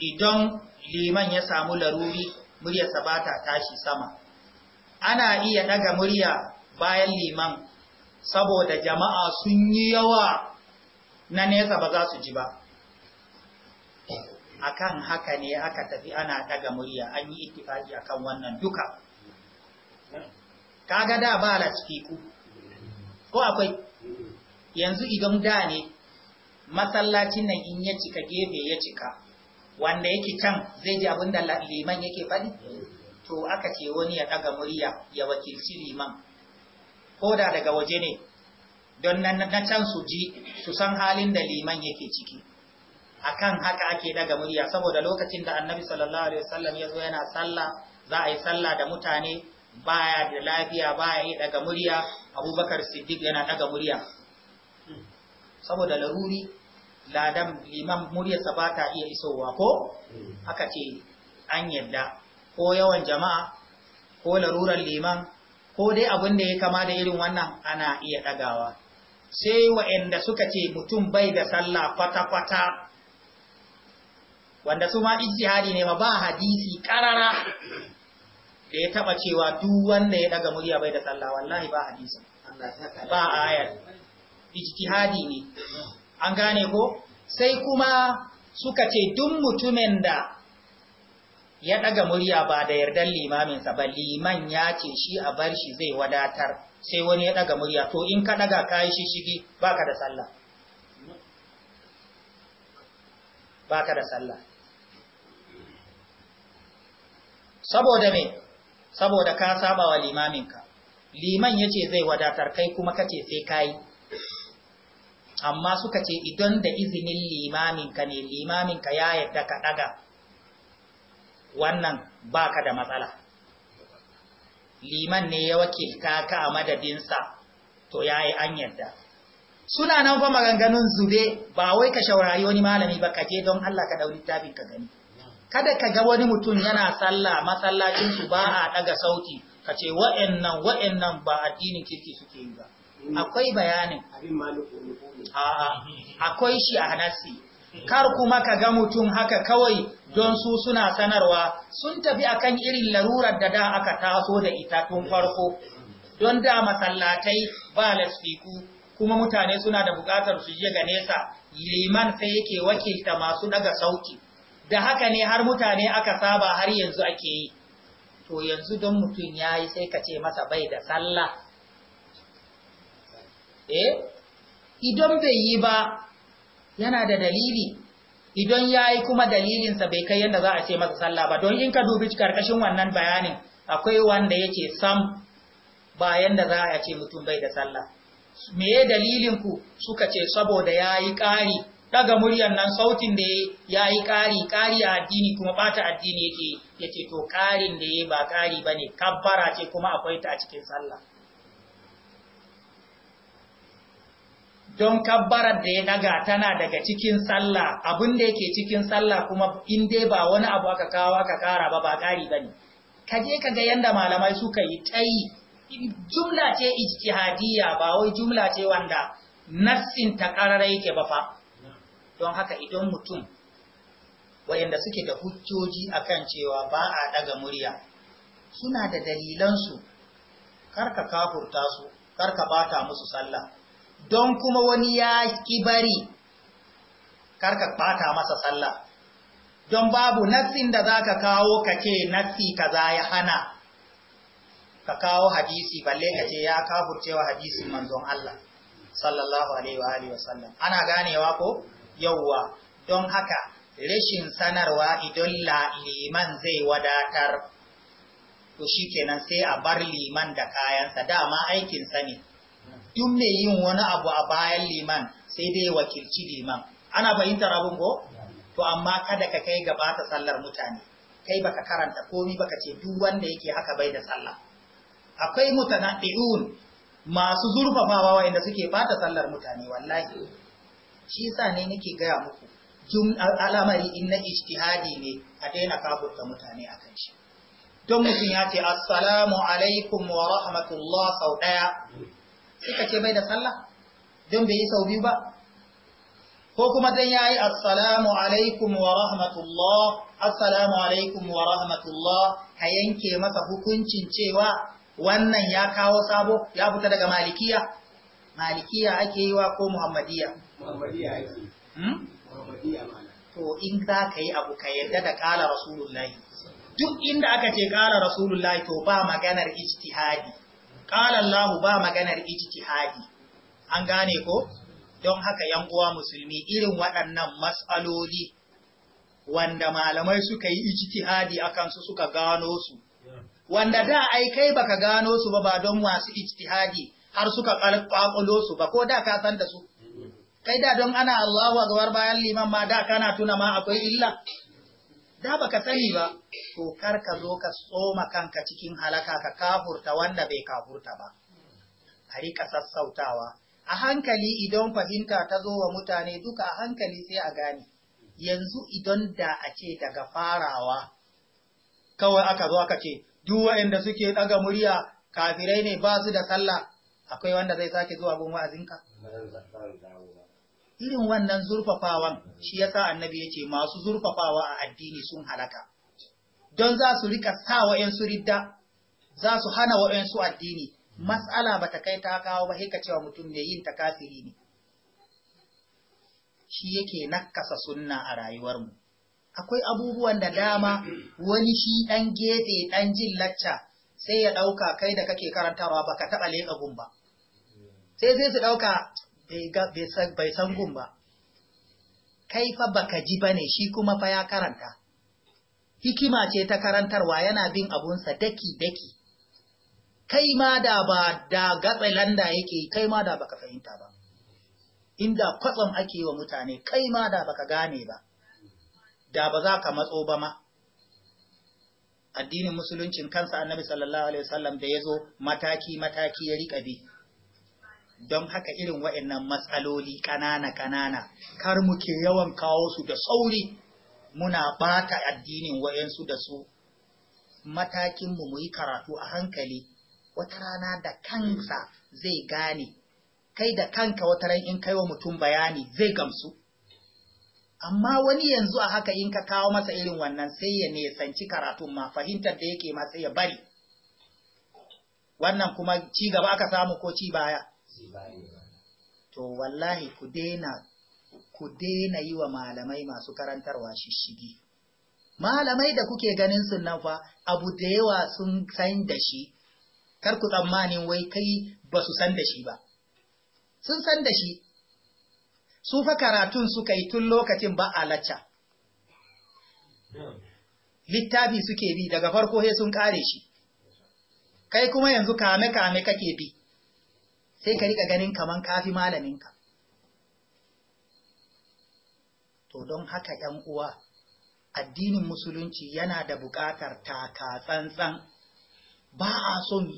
idan liman ya samu laruri muryarsa ba ta tashi sama ana iya ɗaga murya bayan liman saboda jama'a sun yi yawa na nesa ba za su ji ba akan haka ne aka tafi ana daga murya an yi ittifaki akan wannan duka kaga da ba ku ko akwai yanzu idan da ne masallacin nan in ya cika gefe ya cika wanda yake can zai ji abin da liman yake faɗi to aka ce wani ya daga murya ya wakilci liman ko da daga waje ne don nan na can su ji su san halin da liman yake ciki akan haka ake daga murya saboda lokacin da annabi sallallahu alaihi wasallam ya zo yana sallah za a yi sallah da mutane baya da lafiya baya yi daga murya abubakar siddiq yana daga murya saboda laruri ladan liman muryarsa ba ta iya isowa ko aka ce an yadda ko yawan jama'a ko Laruran liman ko dai abin da ya kama da irin wannan ana iya dagawa sai wa'anda suka ce mutum bai da sallah fata-fata. wanda su ma ijtihadi ne ma ba hadisi karara da ya taba cewa duk wanda ya daga murya bai da sallah wallahi ba hadisi ba ayar ijtihadi ne an gane ko sai kuma suka ce duk mutumin da ya daga murya ba da yardan limaminsa ba liman ya ce shi a bar shi zai wadatar sai wani ya daga murya to in ka daga kayi shishigi baka da sallah baka da sallah saboda me saboda ka saba wa limaminka liman yace zai wadatar kai kuma kace sai kai amma suka ce idan da izinin limaminka ne limaminka ya yadda ka daga wannan baka da matsala liman ne ya wakilta ka a madadinsa to yayi an yadda suna nan fa maganganun zube ba wai ka shaurari wani malami ba ka je don Allah ka dauri tabin ka gani kada ka ga wani mutum yana sallah masallacin su ba a daga sauti ka ce wa'annan wa'annan ba addinin kirki suke yi ba akwai bayanin a'a akwai shi a hanasi kar kuma ka ga mutum haka kawai don su suna sanarwa sun tafi akan irin larurar da da aka taso da ita tun farko don da masallatai ba lasfiku kuma mutane suna da bukatar su je ga nesa liman sai yake wakilta masu daga sauti da haka ne har mutane aka saba har yanzu ake yi to yanzu don mutum ya yi sai ka ce masa bai da sallah eh idan bai yi ba yana da dalili idan ya yi kuma dalilinsa bai kai yadda za a ce masa sallah ba don in ka dubi karkashin wannan bayanin akwai wanda yake sam ba yadda za a ce mutum bai da sallah me dalilinku suka ce saboda ya yi ƙari daga muryan nan sautin da ya yi ƙari ƙari a addini kuma ɓata addini yake ya ce to ƙarin da ya ba ƙari ba ne kabbara ce kuma akwai ta a cikin sallah don kabbarar da ya daga tana daga cikin sallah abin da yake cikin sallah kuma in dai ba wani abu aka kawo aka ƙara ba ba ƙari ba ne ka je ka ga yadda malamai suka yi ta yi jumla ce ijtihadiyya ba wai jumla ce wanda nassin ta ƙarara yake ba fa don haka idan mutum wayanda suke da hujjoji akan cewa ba a daga murya suna da dalilansu karka kafurta su karka bata musu sallah don kuma wani ya kibari karka bata masa sallah don babu nassin da za ka kawo ka ce nassi kaza ya hana ka kawo hadisi balle ka ya kafurcewa hadisin manzon Allah sallallahu alaihi wa alihi wasallam ana ganewa ko yauwa don haka rashin sanarwa idan liman zai wadatar to shi kenan sai a bar liman da kayansa dama aikinsa ne duk mai yin wani abu a bayan liman sai dai wakilci liman ana fahimtar abin ko to amma kada ka kai gaba ta sallar mutane kai baka karanta komi baka ce duk wanda yake haka bai da sallah akwai mutanaddi'un masu zurfafawa inda suke bata sallar mutane wallahi shi yasa ne nake gaya muku al'amari in na ijtihadi ne a daina kafurta mutane a kan shi don mutum ya ce assalamu alaikum wa rahmatullah sau ɗaya suka ce bai da sallah don bai yi sau biyu ba ko kuma dan ya yi assalamu alaikum wa rahmatullah assalamu alaikum wa rahmatullah ka yanke masa hukuncin cewa wannan ya kawo sabo ya fita daga malikiya malikiya ake yi wa ko muhammadiya Hmm? to in za ka yi abu ka yarda da kala rasulullahi duk inda aka ce kala rasulullahi to ba maganar ijtihadi kala Allah ba maganar ijtihadi an gane ko don haka yan uwa musulmi irin waɗannan matsaloli wanda malamai suka yi ijtihadi akan su suka gano su wanda da ai kai baka gano su ba ba don masu ijtihadi har suka kalkulo su ba ko da ka san da su kai da don ana Allahu akbar bayan liman ma da kana tuna ma akwai illa da baka sani ba to kar ka zo ka tsoma kanka cikin halaka ka kafurta wanda bai kafurta ba a rika sassautawa a hankali idan fahimta ta zo wa mutane duka a hankali sai a gane yanzu idan da a ce daga farawa kawai aka zo aka ce duk waɗanda suke ɗaga murya kafirai ne ba su da sallah akwai wanda zai sake zuwa gun wa'azinka irin wannan zurfafawan shi yasa annabi ya ce masu zurfafawa a addini sun halaka don za su rika sa wa'yansu ridda za su hana wa'yansu addini matsala ba ta kai ta kawo ba haika cewa mutum mai yin ta kafiri ne shi yake nakasa sunna a rayuwarmu akwai abubuwan da dama wani shi ɗan gefe ɗan jin lacca sai ya ɗauka kai da kake karantawa ba ka taɓa leƙa gumba sai sai su ɗauka bai san gun ba kai fa baka ji ba ne shi kuma fa ya karanta hikima ce ta karantarwa yana bin abunsa daki-daki kai ma da ba da landa yake kai ma da baka fahimta ba inda kwatsam ake wa mutane kai ma da baka gane ba da ba za ka matso ba ma addinin musuluncin kansa annabi sallallahu alaihi wasallam da ya zo mataki-mataki ya rika bi don haka irin wa'annan matsaloli ƙanana-ƙanana kar muke yawan kawo su da sauri muna bata addinin wa'yansu da su matakinmu mu yi karatu a hankali wata rana da kansa zai gane kai da kanka wata ran in kai wa mutum bayani zai gamsu amma wani yanzu a haka in ka kawo masa irin wannan sai ya nesanci karatun ma fahimtar da yake ma sai ya bari wannan kuma ci gaba aka samu ko ci baya to wallahi ku daina ku dena yi wa malamai masu karantarwa shishigi malamai da kuke ganin sun nan fa abu da yawa sun san da shi kar ku tsammanin wai kai ba su san da shi ba sun san da shi su fa karatun suka yi tun lokacin ba a littafi suke bi daga farko sai sun kare shi kai kuma yanzu kame kame kake bi sai ka riƙa ganin kamar kafi malaminka to don haka ‘yan uwa addinin musulunci yana da buƙatar taka tsantsan ba a son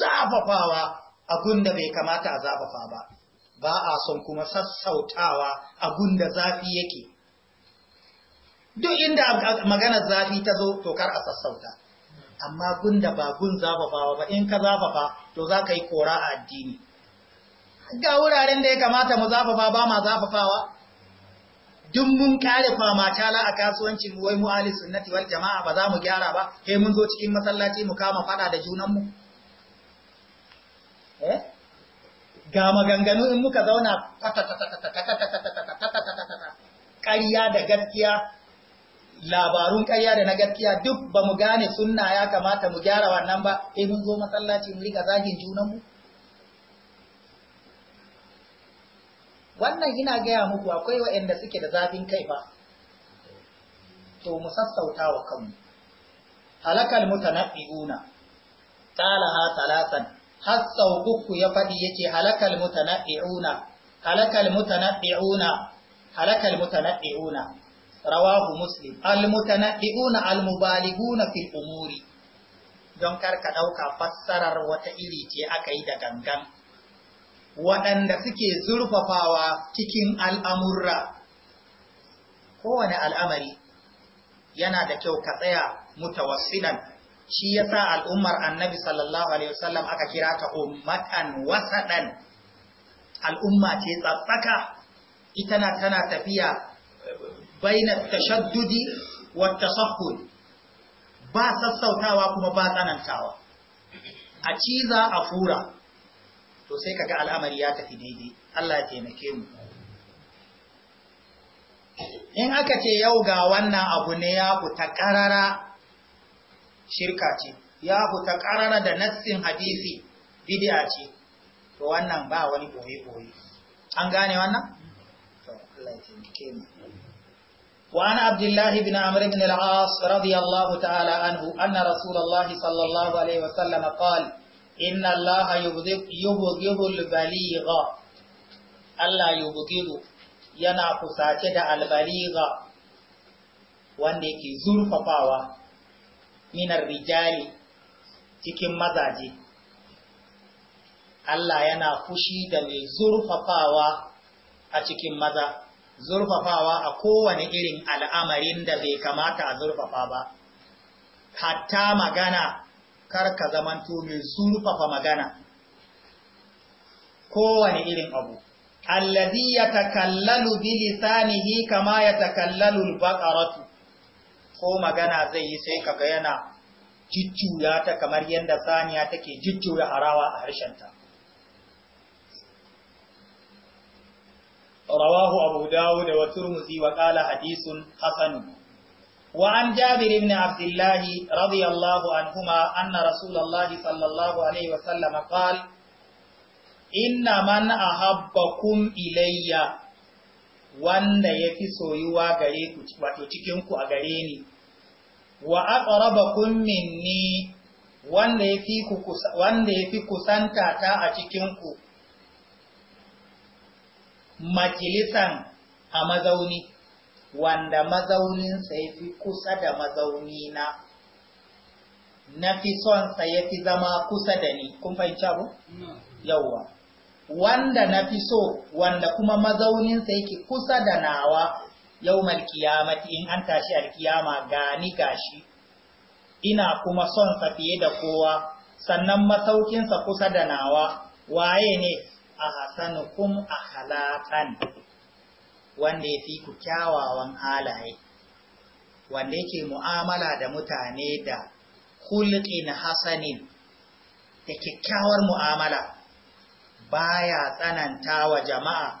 zafafawa abin da bai kamata a zafafa ba ba a son kuma sassautawa abin da zafi yake duk inda maganar zafi ta zo to kar a sassauta amma gunda ba gun zafafawa ba in ka zafafa to za ka yi kora a addini ga wuraren da ya kamata mu zafafa ba ma zafafawa duk mun kare fama tala a kasuwancin wai mu ahli sunnati wal jama'a ba za mu gyara ba sai mun zo cikin masallaci mu kama fada da junan mu eh ga maganganu in muka zauna ƙarya da gaskiya labarun ƙarya da na gaskiya duk ba mu gane sunna ya kamata mu gyara wannan ba sai mun zo masallaci mu riga zagin junan mu wannan ina gaya muku akwai waɗanda suke da zafin kai ba to mu sassauta wa kanmu halakal mutanabbi'una qala ha talatan har uku ya faɗi yake halakal mutanabbi'una halakal mutanabbi'una halakal mutanabbi'una rawahu muslim al mutanabbi'una al mubalighuna fil umuri don karka ɗauka fassarar wata iri ce aka yi da gangan waɗanda suke zurfafawa cikin al'amurra kowane al'amari yana da kyau ka tsaya mutawassilan shi ya sa al'ummar annabi sallallahu alaihi wasallam aka kira ta ummatan wasaɗan al'umma ce tsatsaka ita na tana tafiya baina tashaddudi wata tasahhud ba sassautawa kuma ba tsanantawa a ciza a fura to sai kaga al'amari ya tafi daidai Allah ya taimake mu in aka ce yau ga wannan abu ne ya ta karara shirka ce ya ta karara da nassin hadisi bid'a ce to wannan ba wani boye boye an gane wannan to Allah ya taimake mu وعن عبد الله بن عمرو بن العاص رضي الله تعالى عنه أن رسول الله صلى الله عليه وسلم قال ان الله yubghidul البليغ الله yana kusace da albaliga wanda yake zurfafawa minar rijali cikin mazaje Allah yana fushi da mai zurfafawa a cikin maza zurfafawa a kowane irin al'amarin da bai kamata a zurfafa ba hatta magana kar ka zamanto mai zurfafa magana kowane irin abu alladhi yatakallalu bi lisanihi kama yatakallalu al-baqaratu ko magana zai yi sai kaga yana jijjuya ta kamar yadda saniya take jijjuya harawa a harshen ta. rawahu abu dawud wa turmuzi wa qala hadithun hasanun وعن جابر بن عبد الله رضي الله عنهما أن رسول الله صلى الله عليه وسلم قال إن من أحبكم wanda ya fi soyuwa gare ku wato cikinku a gare ni wa aqrabakum minni wanda ya wanda ya fi kusanta ta a cikinku majlisan a mazauni wanda mazauninsa ya fi kusa da mazaunina na fi sonsa ya fi zama kusa da ni kun fahimci abu? yauwa wanda na fi so wanda kuma mazauninsa yake kusa da nawa yau malkiyamati in an tashi alkiyama gani gashi ina kuma sonsa fiye da kowa sannan masaukinsa kusa da nawa waye ne a hasanukum a halatan wanda ya fi ku kyawawan halaye wanda yake mu'amala da mutane da hulƙin hasanin da kyakkyawar mu'amala baya tsananta wa jama'a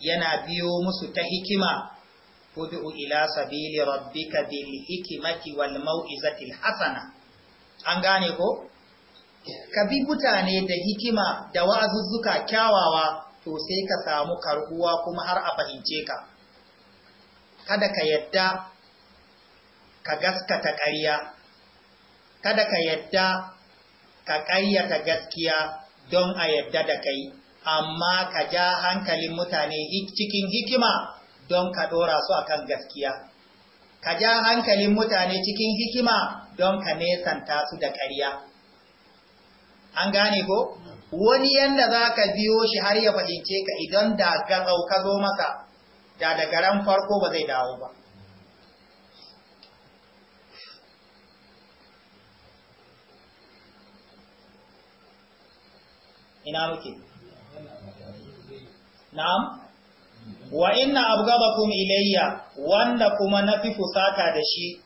yana biyo musu ta hikima ud'u ila sabili rabbika bil hikmati wal mau'izati hasana an gane ko ka bi mutane da hikima da wa'azuzzuka kyawawa to sai ka samu karbuwa kuma har a fahimce ka kada ka yadda ka gaskata ƙarya kada ka yadda ka ƙaryata gaskiya don a yadda da kai amma ka ja hankalin mutane cikin hikima don ka ɗora su akan gaskiya ka ja hankalin mutane cikin hikima don ka nesanta su da ƙarya an gane ko? wani yanda za ka biyo shi har ya fahimce ka idan da gatsau ka zo masa da daga ran farko ba zai dawo ba ina muke na'am wa inna abgabakum ilayya wanda kuma nafi fusata da shi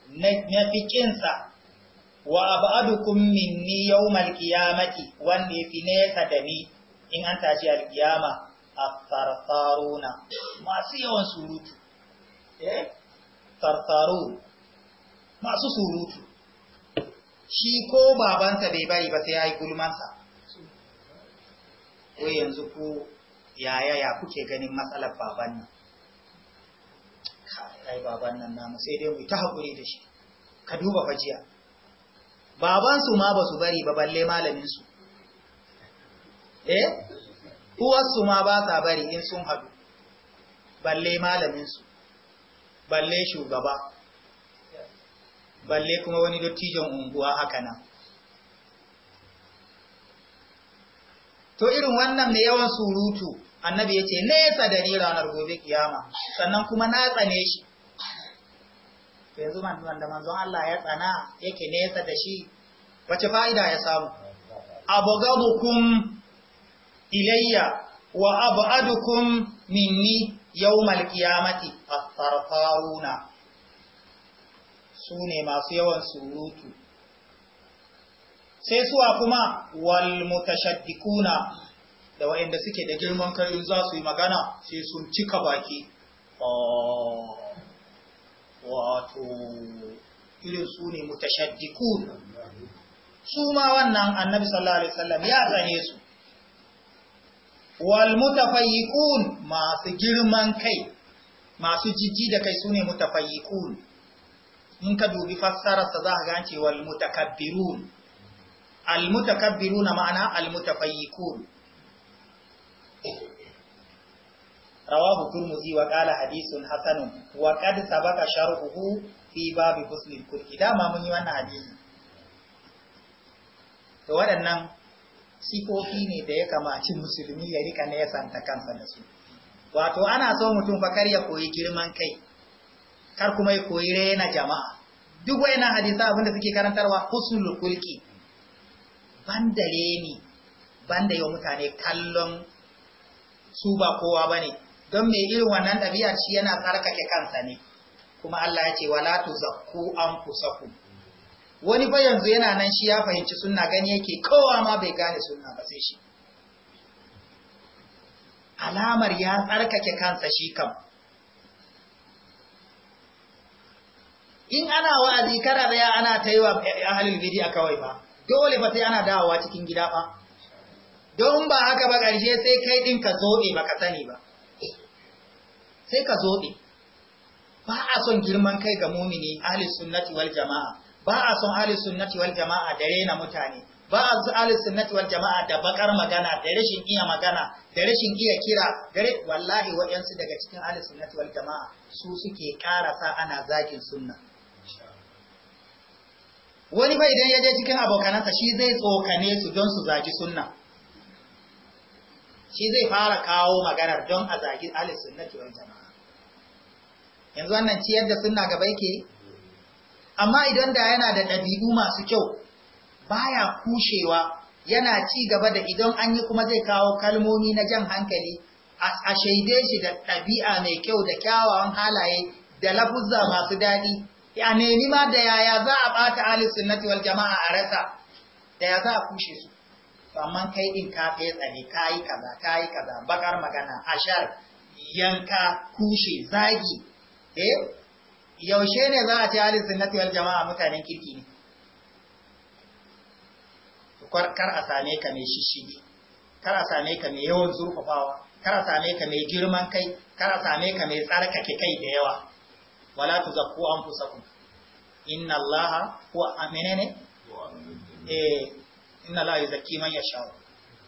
nafi kinsa wa abadukum minni yawmal qiyamati wanda yafi nesa da ni in an tashi alkiyama athartharuna masu yawan surutu eh tartaru masu surutu shi ko babansa bai bari ba sai yayi gulmansa ko yanzu ko yaya ya kuke ganin matsalar baban nan kai baban nan namu sai dai mu ta hakuri da shi ka duba fajiya babansu ma ba su bari ba balle malaminsu eh uwarsu ma ba sa bari in sun haɗu balle malaminsu balle shugaba balle kuma wani dottijon unguwa haka nan to irin wannan mai yawan surutu annabi ya ce nesa da ni ranar gobe kiyama sannan kuma na tsane shi to yanzu wanda manzon Allah ya tsana yake nesa da shi wace fa'ida ya samu abogabukum ilayya wa abadukum minni yawmal qiyamati su sune masu yawan surutu sai suwa kuma wal mutashaddikuna da wa'anda suke da girman kai za su yi magana sai sun cika baki oh. wato irin su ne mutashaddiqun su ma wannan annabi sallallahu alaihi wasallam ya tsane su wal masu girman kai masu jijji da kai su ne in ka dubi fassararsa za ka gance wal mutakabbirun al mutakabbiruna ma'ana al rawahu turmuzi wa qala hadithun hasanun wa qad sabaqa sharhuhu fi babi husnul Da ma mun yi wannan hadisi to waɗannan sifofi ne da ya kamaci musulmi ya rika santa kansa da su wato ana so mutum fa kar ya koyi girman kai kar kuma ya koyi rena jama'a duk wayannan hadisa da suke karantarwa husnul khulqi banda reni banda yau mutane kallon su ba kowa bane don mai irin wannan ɗabi'ar shi yana tsarkake kansa ne kuma Allah ya ce wala an kusaku wani fa yanzu yana nan shi ya fahimci sunna gani yake kowa ma bai gane sunna ba sai shi alamar ya tsarkake kansa shi kam in ana wa'azi kara daya ana ta yi wa ahalin kawai ba dole ba sai ana dawowa cikin gida ba don ba haka ba ƙarshe sai kai ɗin ka zoɓe ba ka sani ba sai ka zobe ba a son girman kai ga mumini ahli sunnati wal jama'a ba a son ahli sunnati wal jama'a da rena mutane ba a son ahli sunnati wal jama'a da bakar magana da rashin iya magana da rashin iya kira dare wallahi wayansu daga cikin ahli sunnati wal jama'a su suke karasa ana zakin sunna wani ba idan ya je cikin abokanansa shi zai tsokane su don su zagi sunna shi zai fara kawo maganar don a zagi ahli sunnati wal jama'a yanzu wannan ciyar da sunna gaba yake amma idan da yana da ɗabi'u masu kyau baya kushewa yana ci gaba da idan an yi kuma zai kawo kalmomi na jan hankali a shaide shi da ɗabi'a mai kyau da kyawawan halaye da lafuzza masu daɗi a nemi ma da yaya za a ɓata ahlus sunnati wal jama'a a rasa da ya za a kushe su amma kai din ka fetsa ne kayi kaza kayi kaza bakar magana ashar yanka kushe zagi eh yaushe ne za a ce halin sunnati wal jama'a mutanen kirki ne kar a same ka mai shishigi kar a same ka mai yawan zurfafawa kar a same ka mai girman kai kar a same ka mai tsarkake kai da yawa wala tuzakku anfusakum inna allaha huwa ne? eh inna allaha yuzakki man yasha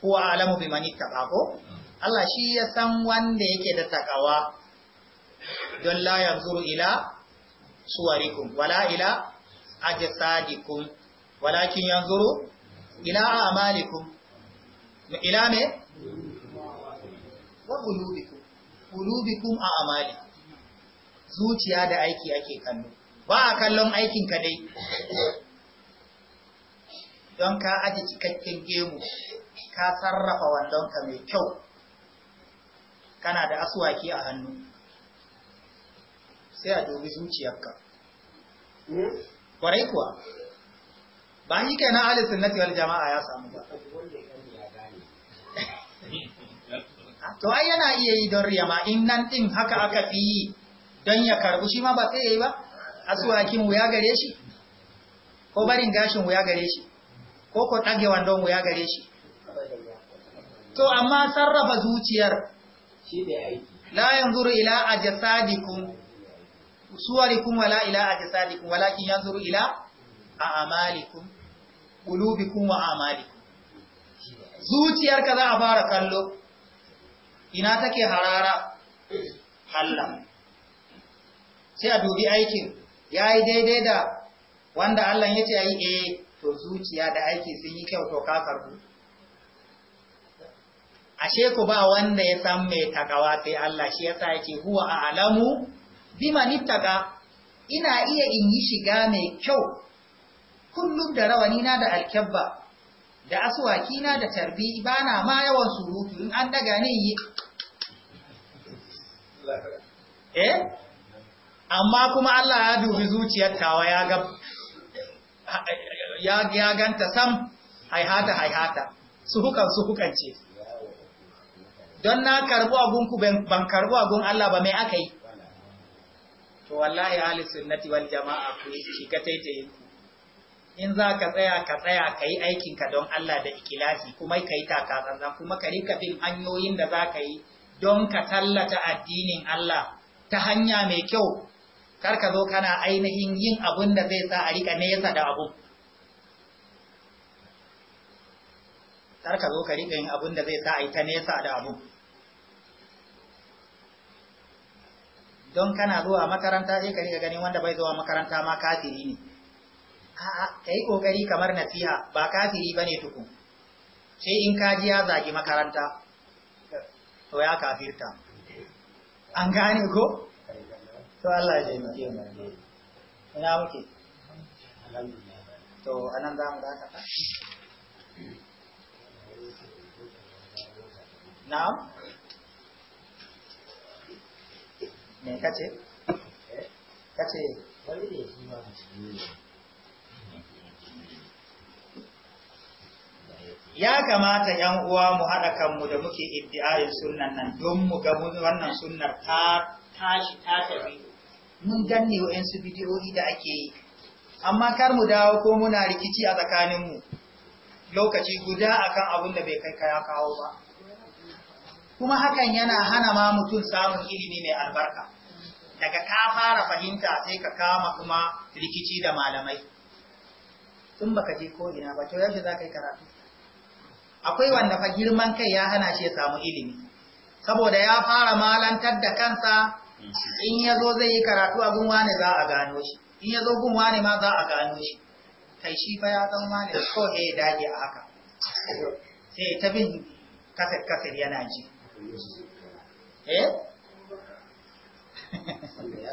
huwa alamu bimani ittaqa ko hmm. Allah shi ya san wanda yake da takawa don la ya zuru ila suwarikum wala ila ajsadikum walakin zuru ila a a'malikum ila me wa qulubikum a a'mali zuciya da aiki ake kallo ba a kallon aikin ka dai don ka aji cikakken gemu ka sarrafa wandonka mai kyau kana da asuwaki a hannu sai a dubi zuciyarka hmm? kwarai kuwa ba shi kai na Ali sunnati wal jama'a ya samu ba to ai yana iya yi don riyama in nan ɗin haka aka fi yi don ya karbu shi ma ba sai yi ba su hakim wuya gare shi ko barin gashin wuya gare shi ko ko dage wandon wuya gare shi to amma sarrafa zuciyar shi ne aiki la yanzuru ila jasadikun suwarikum wala ila ajsadikum walakin yanzuru ila a'malikum qulubikum wa a'malikum zuciyarka za a fara kallo ina take harara Allah sai a dubi aikin yayi daidai da wanda Allah ya ce yayi eh to zuciya da aiki sun yi kyau to ka karbu ashe ku ba wanda ya san mai takawa sai Allah shi yasa yake huwa a'lamu Bima bimanittaka ina iya in yi shiga mai kyau kullum da rawanina da alkyabba da aswaki na da tarbi na ma yawan surutu in an daga ne yi eh amma kuma Allah ya dubi zuciyar tawa ya ga ya ga ganta sam haihata haihata su hukan su hukan ce don na karbu ku ban karbu agun Allah ba mai aka yi to wallahi ahli sunnati wal jama'a ku shiga taitayin in za ka tsaya ka tsaya ka yi aikinka don Allah da ikilasi kuma ka yi kuma ka rika bin hanyoyin da za ka yi don ka tallata addinin Allah ta hanya mai kyau kar ka zo kana ainihin yin abun da zai sa a rika nesa da abu kar ka zo ka rika yin abun da zai sa a yi ta nesa da abu don kana zuwa makaranta sai ka riga ganin wanda bai zuwa makaranta ma kafiri ne a'a kai kokari kamar nasiha ba kafiri bane tukun sai in ka ji ya zagi makaranta to ya kafirta an gane ko to Allah ya taimake mu ina muke to anan za mu ta na'am Eh, ya kamata ‘yan uwa mu haɗa kanmu da muke iddiayin sunan nan don mu ga wannan sunnar ta tashi ta tafi mun danne wa'yansu bidiyoyi da ake yi amma kar mu dawo ko muna rikici a mu lokaci guda akan abun da bai kai kaya kawo ba kuma hakan yana hana ma mutum samun ilimi mai albarka daga ka fara fahimta sai ka kama kuma rikici da malamai tun baka je ko ina ba to yaushe za ka yi karatu akwai wanda fa girman kai ya hana shi ya samu ilimi saboda ya fara malantar da kansa in ya zo zai yi karatu a gunwa ne za a gano shi in ya zo gunwa ne ma za a gano shi kai shi fa ya zama ne ko ya dage a haka sai ta bin kasar kasar yana ji eh eh?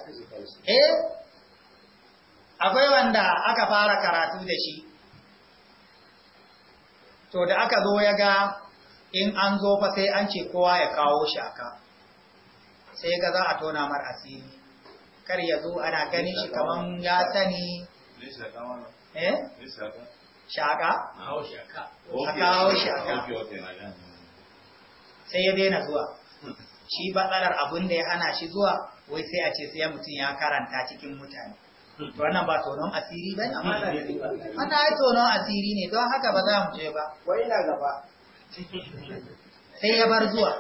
eh akwai wanda aka fara karatu da shi to da aka zo ya ga in an zo fa sai an ce kowa ya kawo shaka sai ga za a tona mar asiri kar ya zo ana ganin shi kamar ya sani eh shaka a kawo shaka sai ya daina zuwa shi batsalar abin da ya hana shi zuwa wai sai a ce sai mutum ya karanta cikin mutane to wannan ba tonon asiri ba amma ana yi tonon asiri ne don haka ba za mu je ba wai na gaba sai ya bar zuwa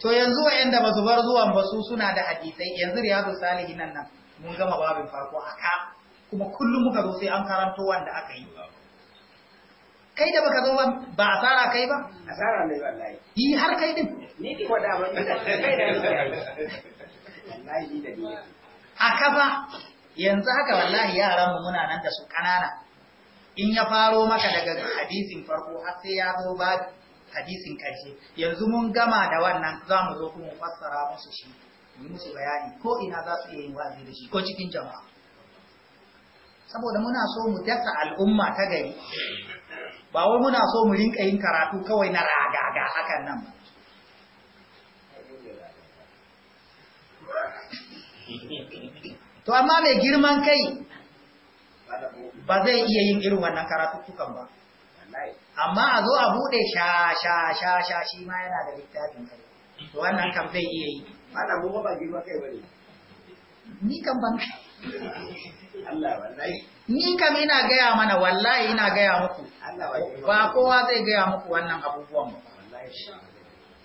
to yanzu wa wa'anda ba su bar zuwan ba su suna da hadisai yanzu riyadu salihin nan mun gama babin farko aka kuma kullum muka zo sai an karanto wanda aka yi kai da baka zo ba ba asara kai ba asara ne wallahi yi har kai din ni ko da ba kai da wallahi ni da ni aka ba yanzu haka wallahi yaran mu muna nan da su kanana in ya faro maka daga hadisin farko har sai ya zo ba hadisin karshe yanzu mun gama da wannan za mu zo kuma fassara musu shi mu musu bayani ko ina za su iya yin wa'azi da shi ko cikin jama'a saboda muna so mu dasa al'umma ta gari ba wai muna so mu rinka yin karatu kawai na ragaga hakan nan ba to amma mai girman kai ba zai iya yin irin wannan tukan ba amma a zo a bude sha sha sha sha shi ma yana da littafin kai to wannan kan bai iya yi ba ba girman kai ba ne ni kan ban kai Ni kam ina gaya mana wallahi ina gaya muku, ba kowa zai gaya muku wannan abubuwan ba.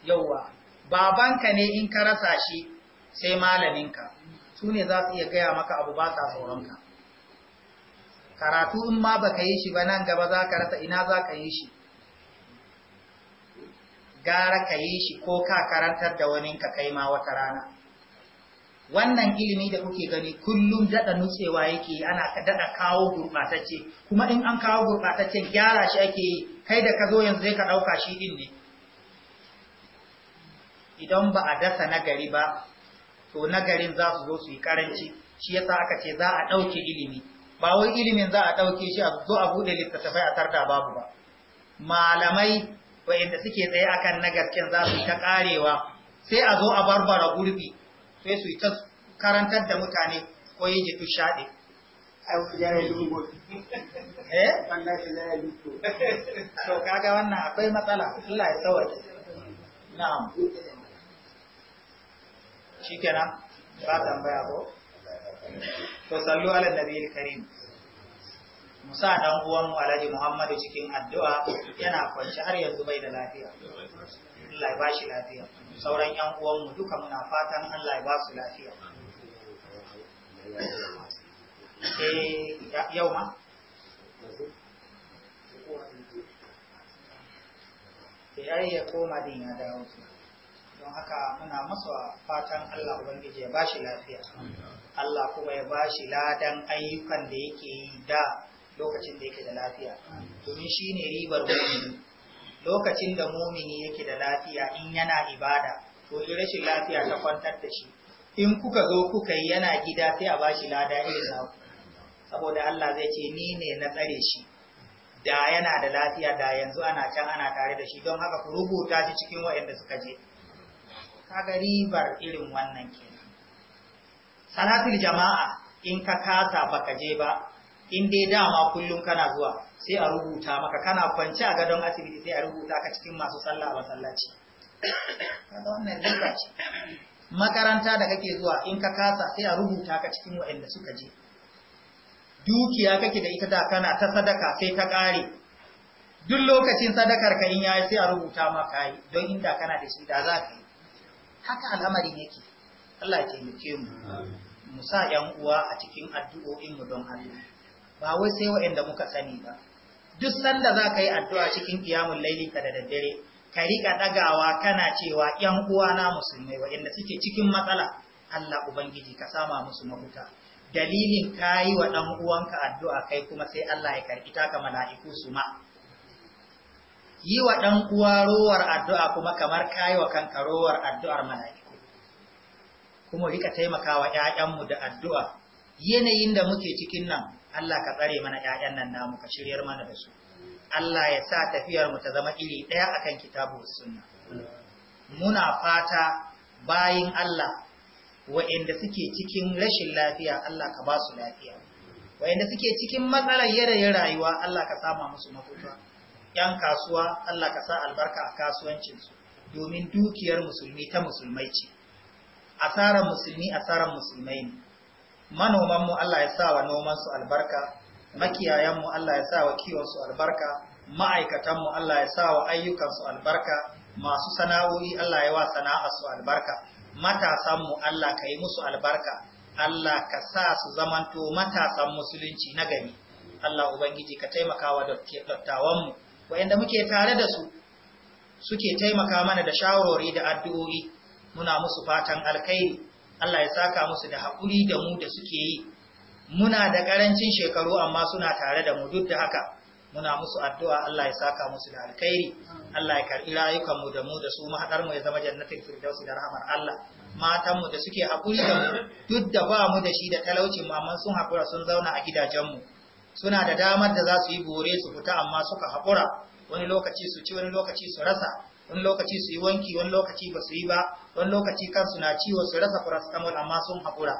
Yauwa, babanka ne in ka rasa shi sai malaminka, su ne za su iya gaya maka abu ba sa sauranka. Karatu in ma ba ka yi shi ba nan gaba za ka rasa ina za ka yi shi. Gara ka yi shi ko ka karantar da wani ka kai ma wata rana. wannan ilimi da kuke gani kullum dada nutsewa yake ana dada kawo gurbatacce kuma in an kawo gurbataccen gyara shi ake yi kai da ka zo yanzu zai ka dauka shi din ne idan ba a dasa nagari ba to nagarin za su zo su yi karanci shi yasa aka ce za a dauke ilimi ba wai ilimin za a ɗauke shi a zo a bude littattafai a tarda babu ba malamai wa'inda suke tsaye akan na za su ta ƙarewa. sai a zo a barbara gurbi sai su ta karantar da mutane ko yi jitu shaɗe eh? to kaga wannan akwai matsala Allah ya tsawaje na'am shikenan ba tambaya ko to sallu ala biyar karim musa ɗan uwan Alhaji Muhammadu cikin addu'a yana kwanci har yanzu bai da lafiya Allah ya bashi lafiya sauran yan uwanmu duka muna fatan Allah ya ba su lafiya eh yau ma ya eh, ya koma din ya dawo don haka muna masa fatan Allah Ubangiji ya bashi lafiya Allah kuma ya bashi ladan ayyukan da yake yi da lokacin da yake da lafiya domin shine ribar wani lokacin da mumini yake da lafiya in yana ibada to in rashin lafiya ta kwantar da shi in kuka zo kuka yi yana gida sai a bashi lada irin na saboda Allah zai ce ni ne na tsare shi da yana da lafiya da yanzu ana can ana tare da shi don haka ku rubuta shi cikin waɗanda suka je kaga ribar irin wannan kenan salatul jama'a in ka kasa baka je ba in dai dama kullum kana zuwa sai a rubuta maka kana kwance a gadon asibiti sai a rubuta ka cikin masu sallah a masallaci kada wannan riba ce makaranta da kake zuwa in ka kasa sai a rubuta ka cikin waɗanda suka je dukiya kake da ita da kana ta sadaka sai ta ƙare duk lokacin sadakar ka in yayi sai a rubuta maka yi don inda kana da shi da za ka yi haka al'amari yake Allah ya taimake mu mu sa 'yan uwa a cikin addu'o'in mu don Allah ba wai sai waɗanda muka sani ba duk sanda za ka yi addu'a cikin kiyamun laili ka da daddare ka riƙa ɗagawa kana cewa ‘yan uwana musulmai wa'anda suke cikin matsala Allah Ubangiji ka sama musu mahuta dalilin ka yi wa ɗan uwanka addu'a kai kuma sai Allah ya karɓi taka mala'iku su ma yi wa ɗan uwa rowar addu'a kuma kamar ka yi wa kanka rowar addu'ar mala'iku kuma rika taimakawa ‘ya'yanmu da addu'a yanayin da muke cikin nan Allah ka tsare mana 'ya'yan nan namu ka shiryar mana da su Allah ya sa tafiyar mu ta zama iri ɗaya akan kitabu sunna muna fata bayin Allah wa'inda suke cikin rashin lafiya Allah ka ba su lafiya wa'inda suke cikin matsalar yanayin rayuwa Allah ka sama musu mafuta yan kasuwa Allah ka sa albarka a kasuwancinsu domin dukiyar musulmi ta musulmai ce asarar musulmi asarar musulmai ne manomanmu Allah ya sa wa nomansu albarka makiyayanmu Allah ya sa wa kiwonsu albarka ma'aikatanmu Allah ya sa wa ayyukansu albarka masu sana'o'i Allah ya wa su albarka matasanmu Allah ka yi musu albarka Allah ka sa su zamanto matasan musulunci na gari Allah Ubangiji ka taimaka wa dattawanmu waɗanda muke tare da su suke taimaka mana da shawarwari da addu'o'i muna musu fatan alkhairi Allah ya saka musu da haƙuri da mu da suke yi muna da ƙarancin shekaru amma suna tare da mu duk da haka muna musu addu'a Allah ya saka musu da alkhairi Allah ya karɓi rayukanmu da mu da su mahaɗar mu ya zama jannatin firdausi da rahmar Allah Matanmu da suke haƙuri da mu duk da ba mu da shi da talaucin amma sun haƙura sun zauna a gidajen mu suna da damar da za su yi gore su fita amma suka haƙura wani lokaci su ci wani lokaci su rasa wani lokaci su yi wanki wani lokaci ba su yi ba wani lokaci kansu na ciwo su rasa paracetamol amma sun haƙura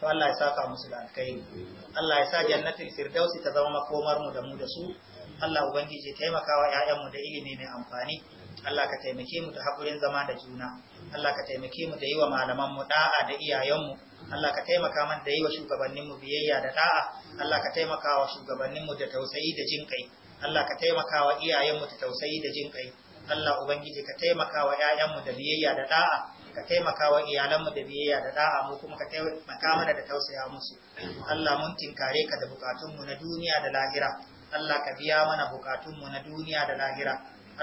to Allah ya saka musu da alkhairi Allah ya sa jannatin firdausi ta zama makomar mu da mu da su Allah ubangiji taimakawa mu da ilimi mai amfani Allah ka taimake mu da haƙurin zama da juna Allah ka taimake mu da yi wa malaman mu da'a da iyayenmu Allah ka taimaka man da yi wa shugabannin mu biyayya da da'a Allah ka taimaka wa shugabannin mu da tausayi da jinkai Allah ka taimaka wa iyayen mu da tausayi da jinkai Allah ubangiji ka taimaka wa ‘ya’yanmu da biyayya da ɗa’a, ka taimaka wa iyalanmu da biyayya da ɗa’a, mu kuma ka taimaka mana da tausaya musu Allah mun tinkare ka da bukatunmu na duniya da lahira Allah ka biya mana bukatunmu na duniya da lahira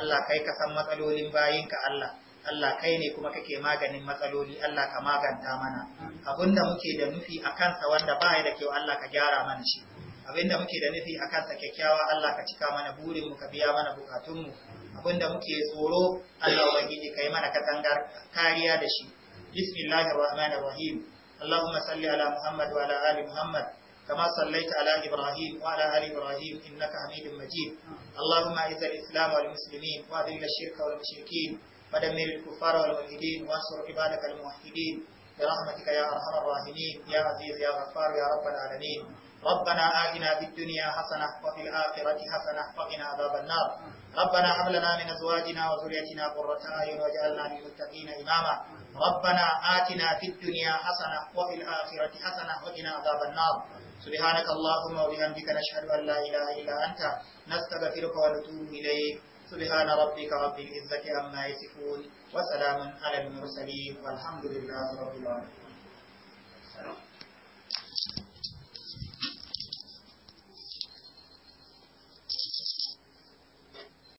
Allah kai ka san matsalolin bayinka Allah Allah kai ne kuma kake maganin matsaloli Allah ka maganta mana abinda muke da nufi a kansa wanda baya da kyau Allah ka gyara mana shi abinda muke da nufi a kansa kyakkyawa Allah ka cika mana burinmu ka biya mana bukatunmu abinda muke tsoro Allah ubangiji kai mana katangar kariya da shi bismillahir rahmanir rahim allahumma salli ala muhammad wa ala ali muhammad كما صليت على إبراهيم وعلى آل إبراهيم إنك حميد مجيد اللهم أعز الإسلام والمسلمين وأذل الشرك والمشركين ودمر الكفار والملحدين وانصر عبادك الموحدين برحمتك يا أرحم الراحمين يا عزيز يا غفار يا رب العالمين ربنا آتنا في الدنيا حسنة وفي الآخرة حسنة وقنا عذاب النار ربنا هب لنا من ازواجنا وذريتنا قرة اعين واجعلنا للمتقين اماما ربنا آتنا في الدنيا حسنة وفي الآخرة حسنة وقنا عذاب النار سبحانك اللهم وبحمدك نشهد أن لا إله إلا أنت نستغفرك ونتوب إليك سبحان ربك رب العزة عما يصفون وسلام على المرسلين والحمد لله رب العالمين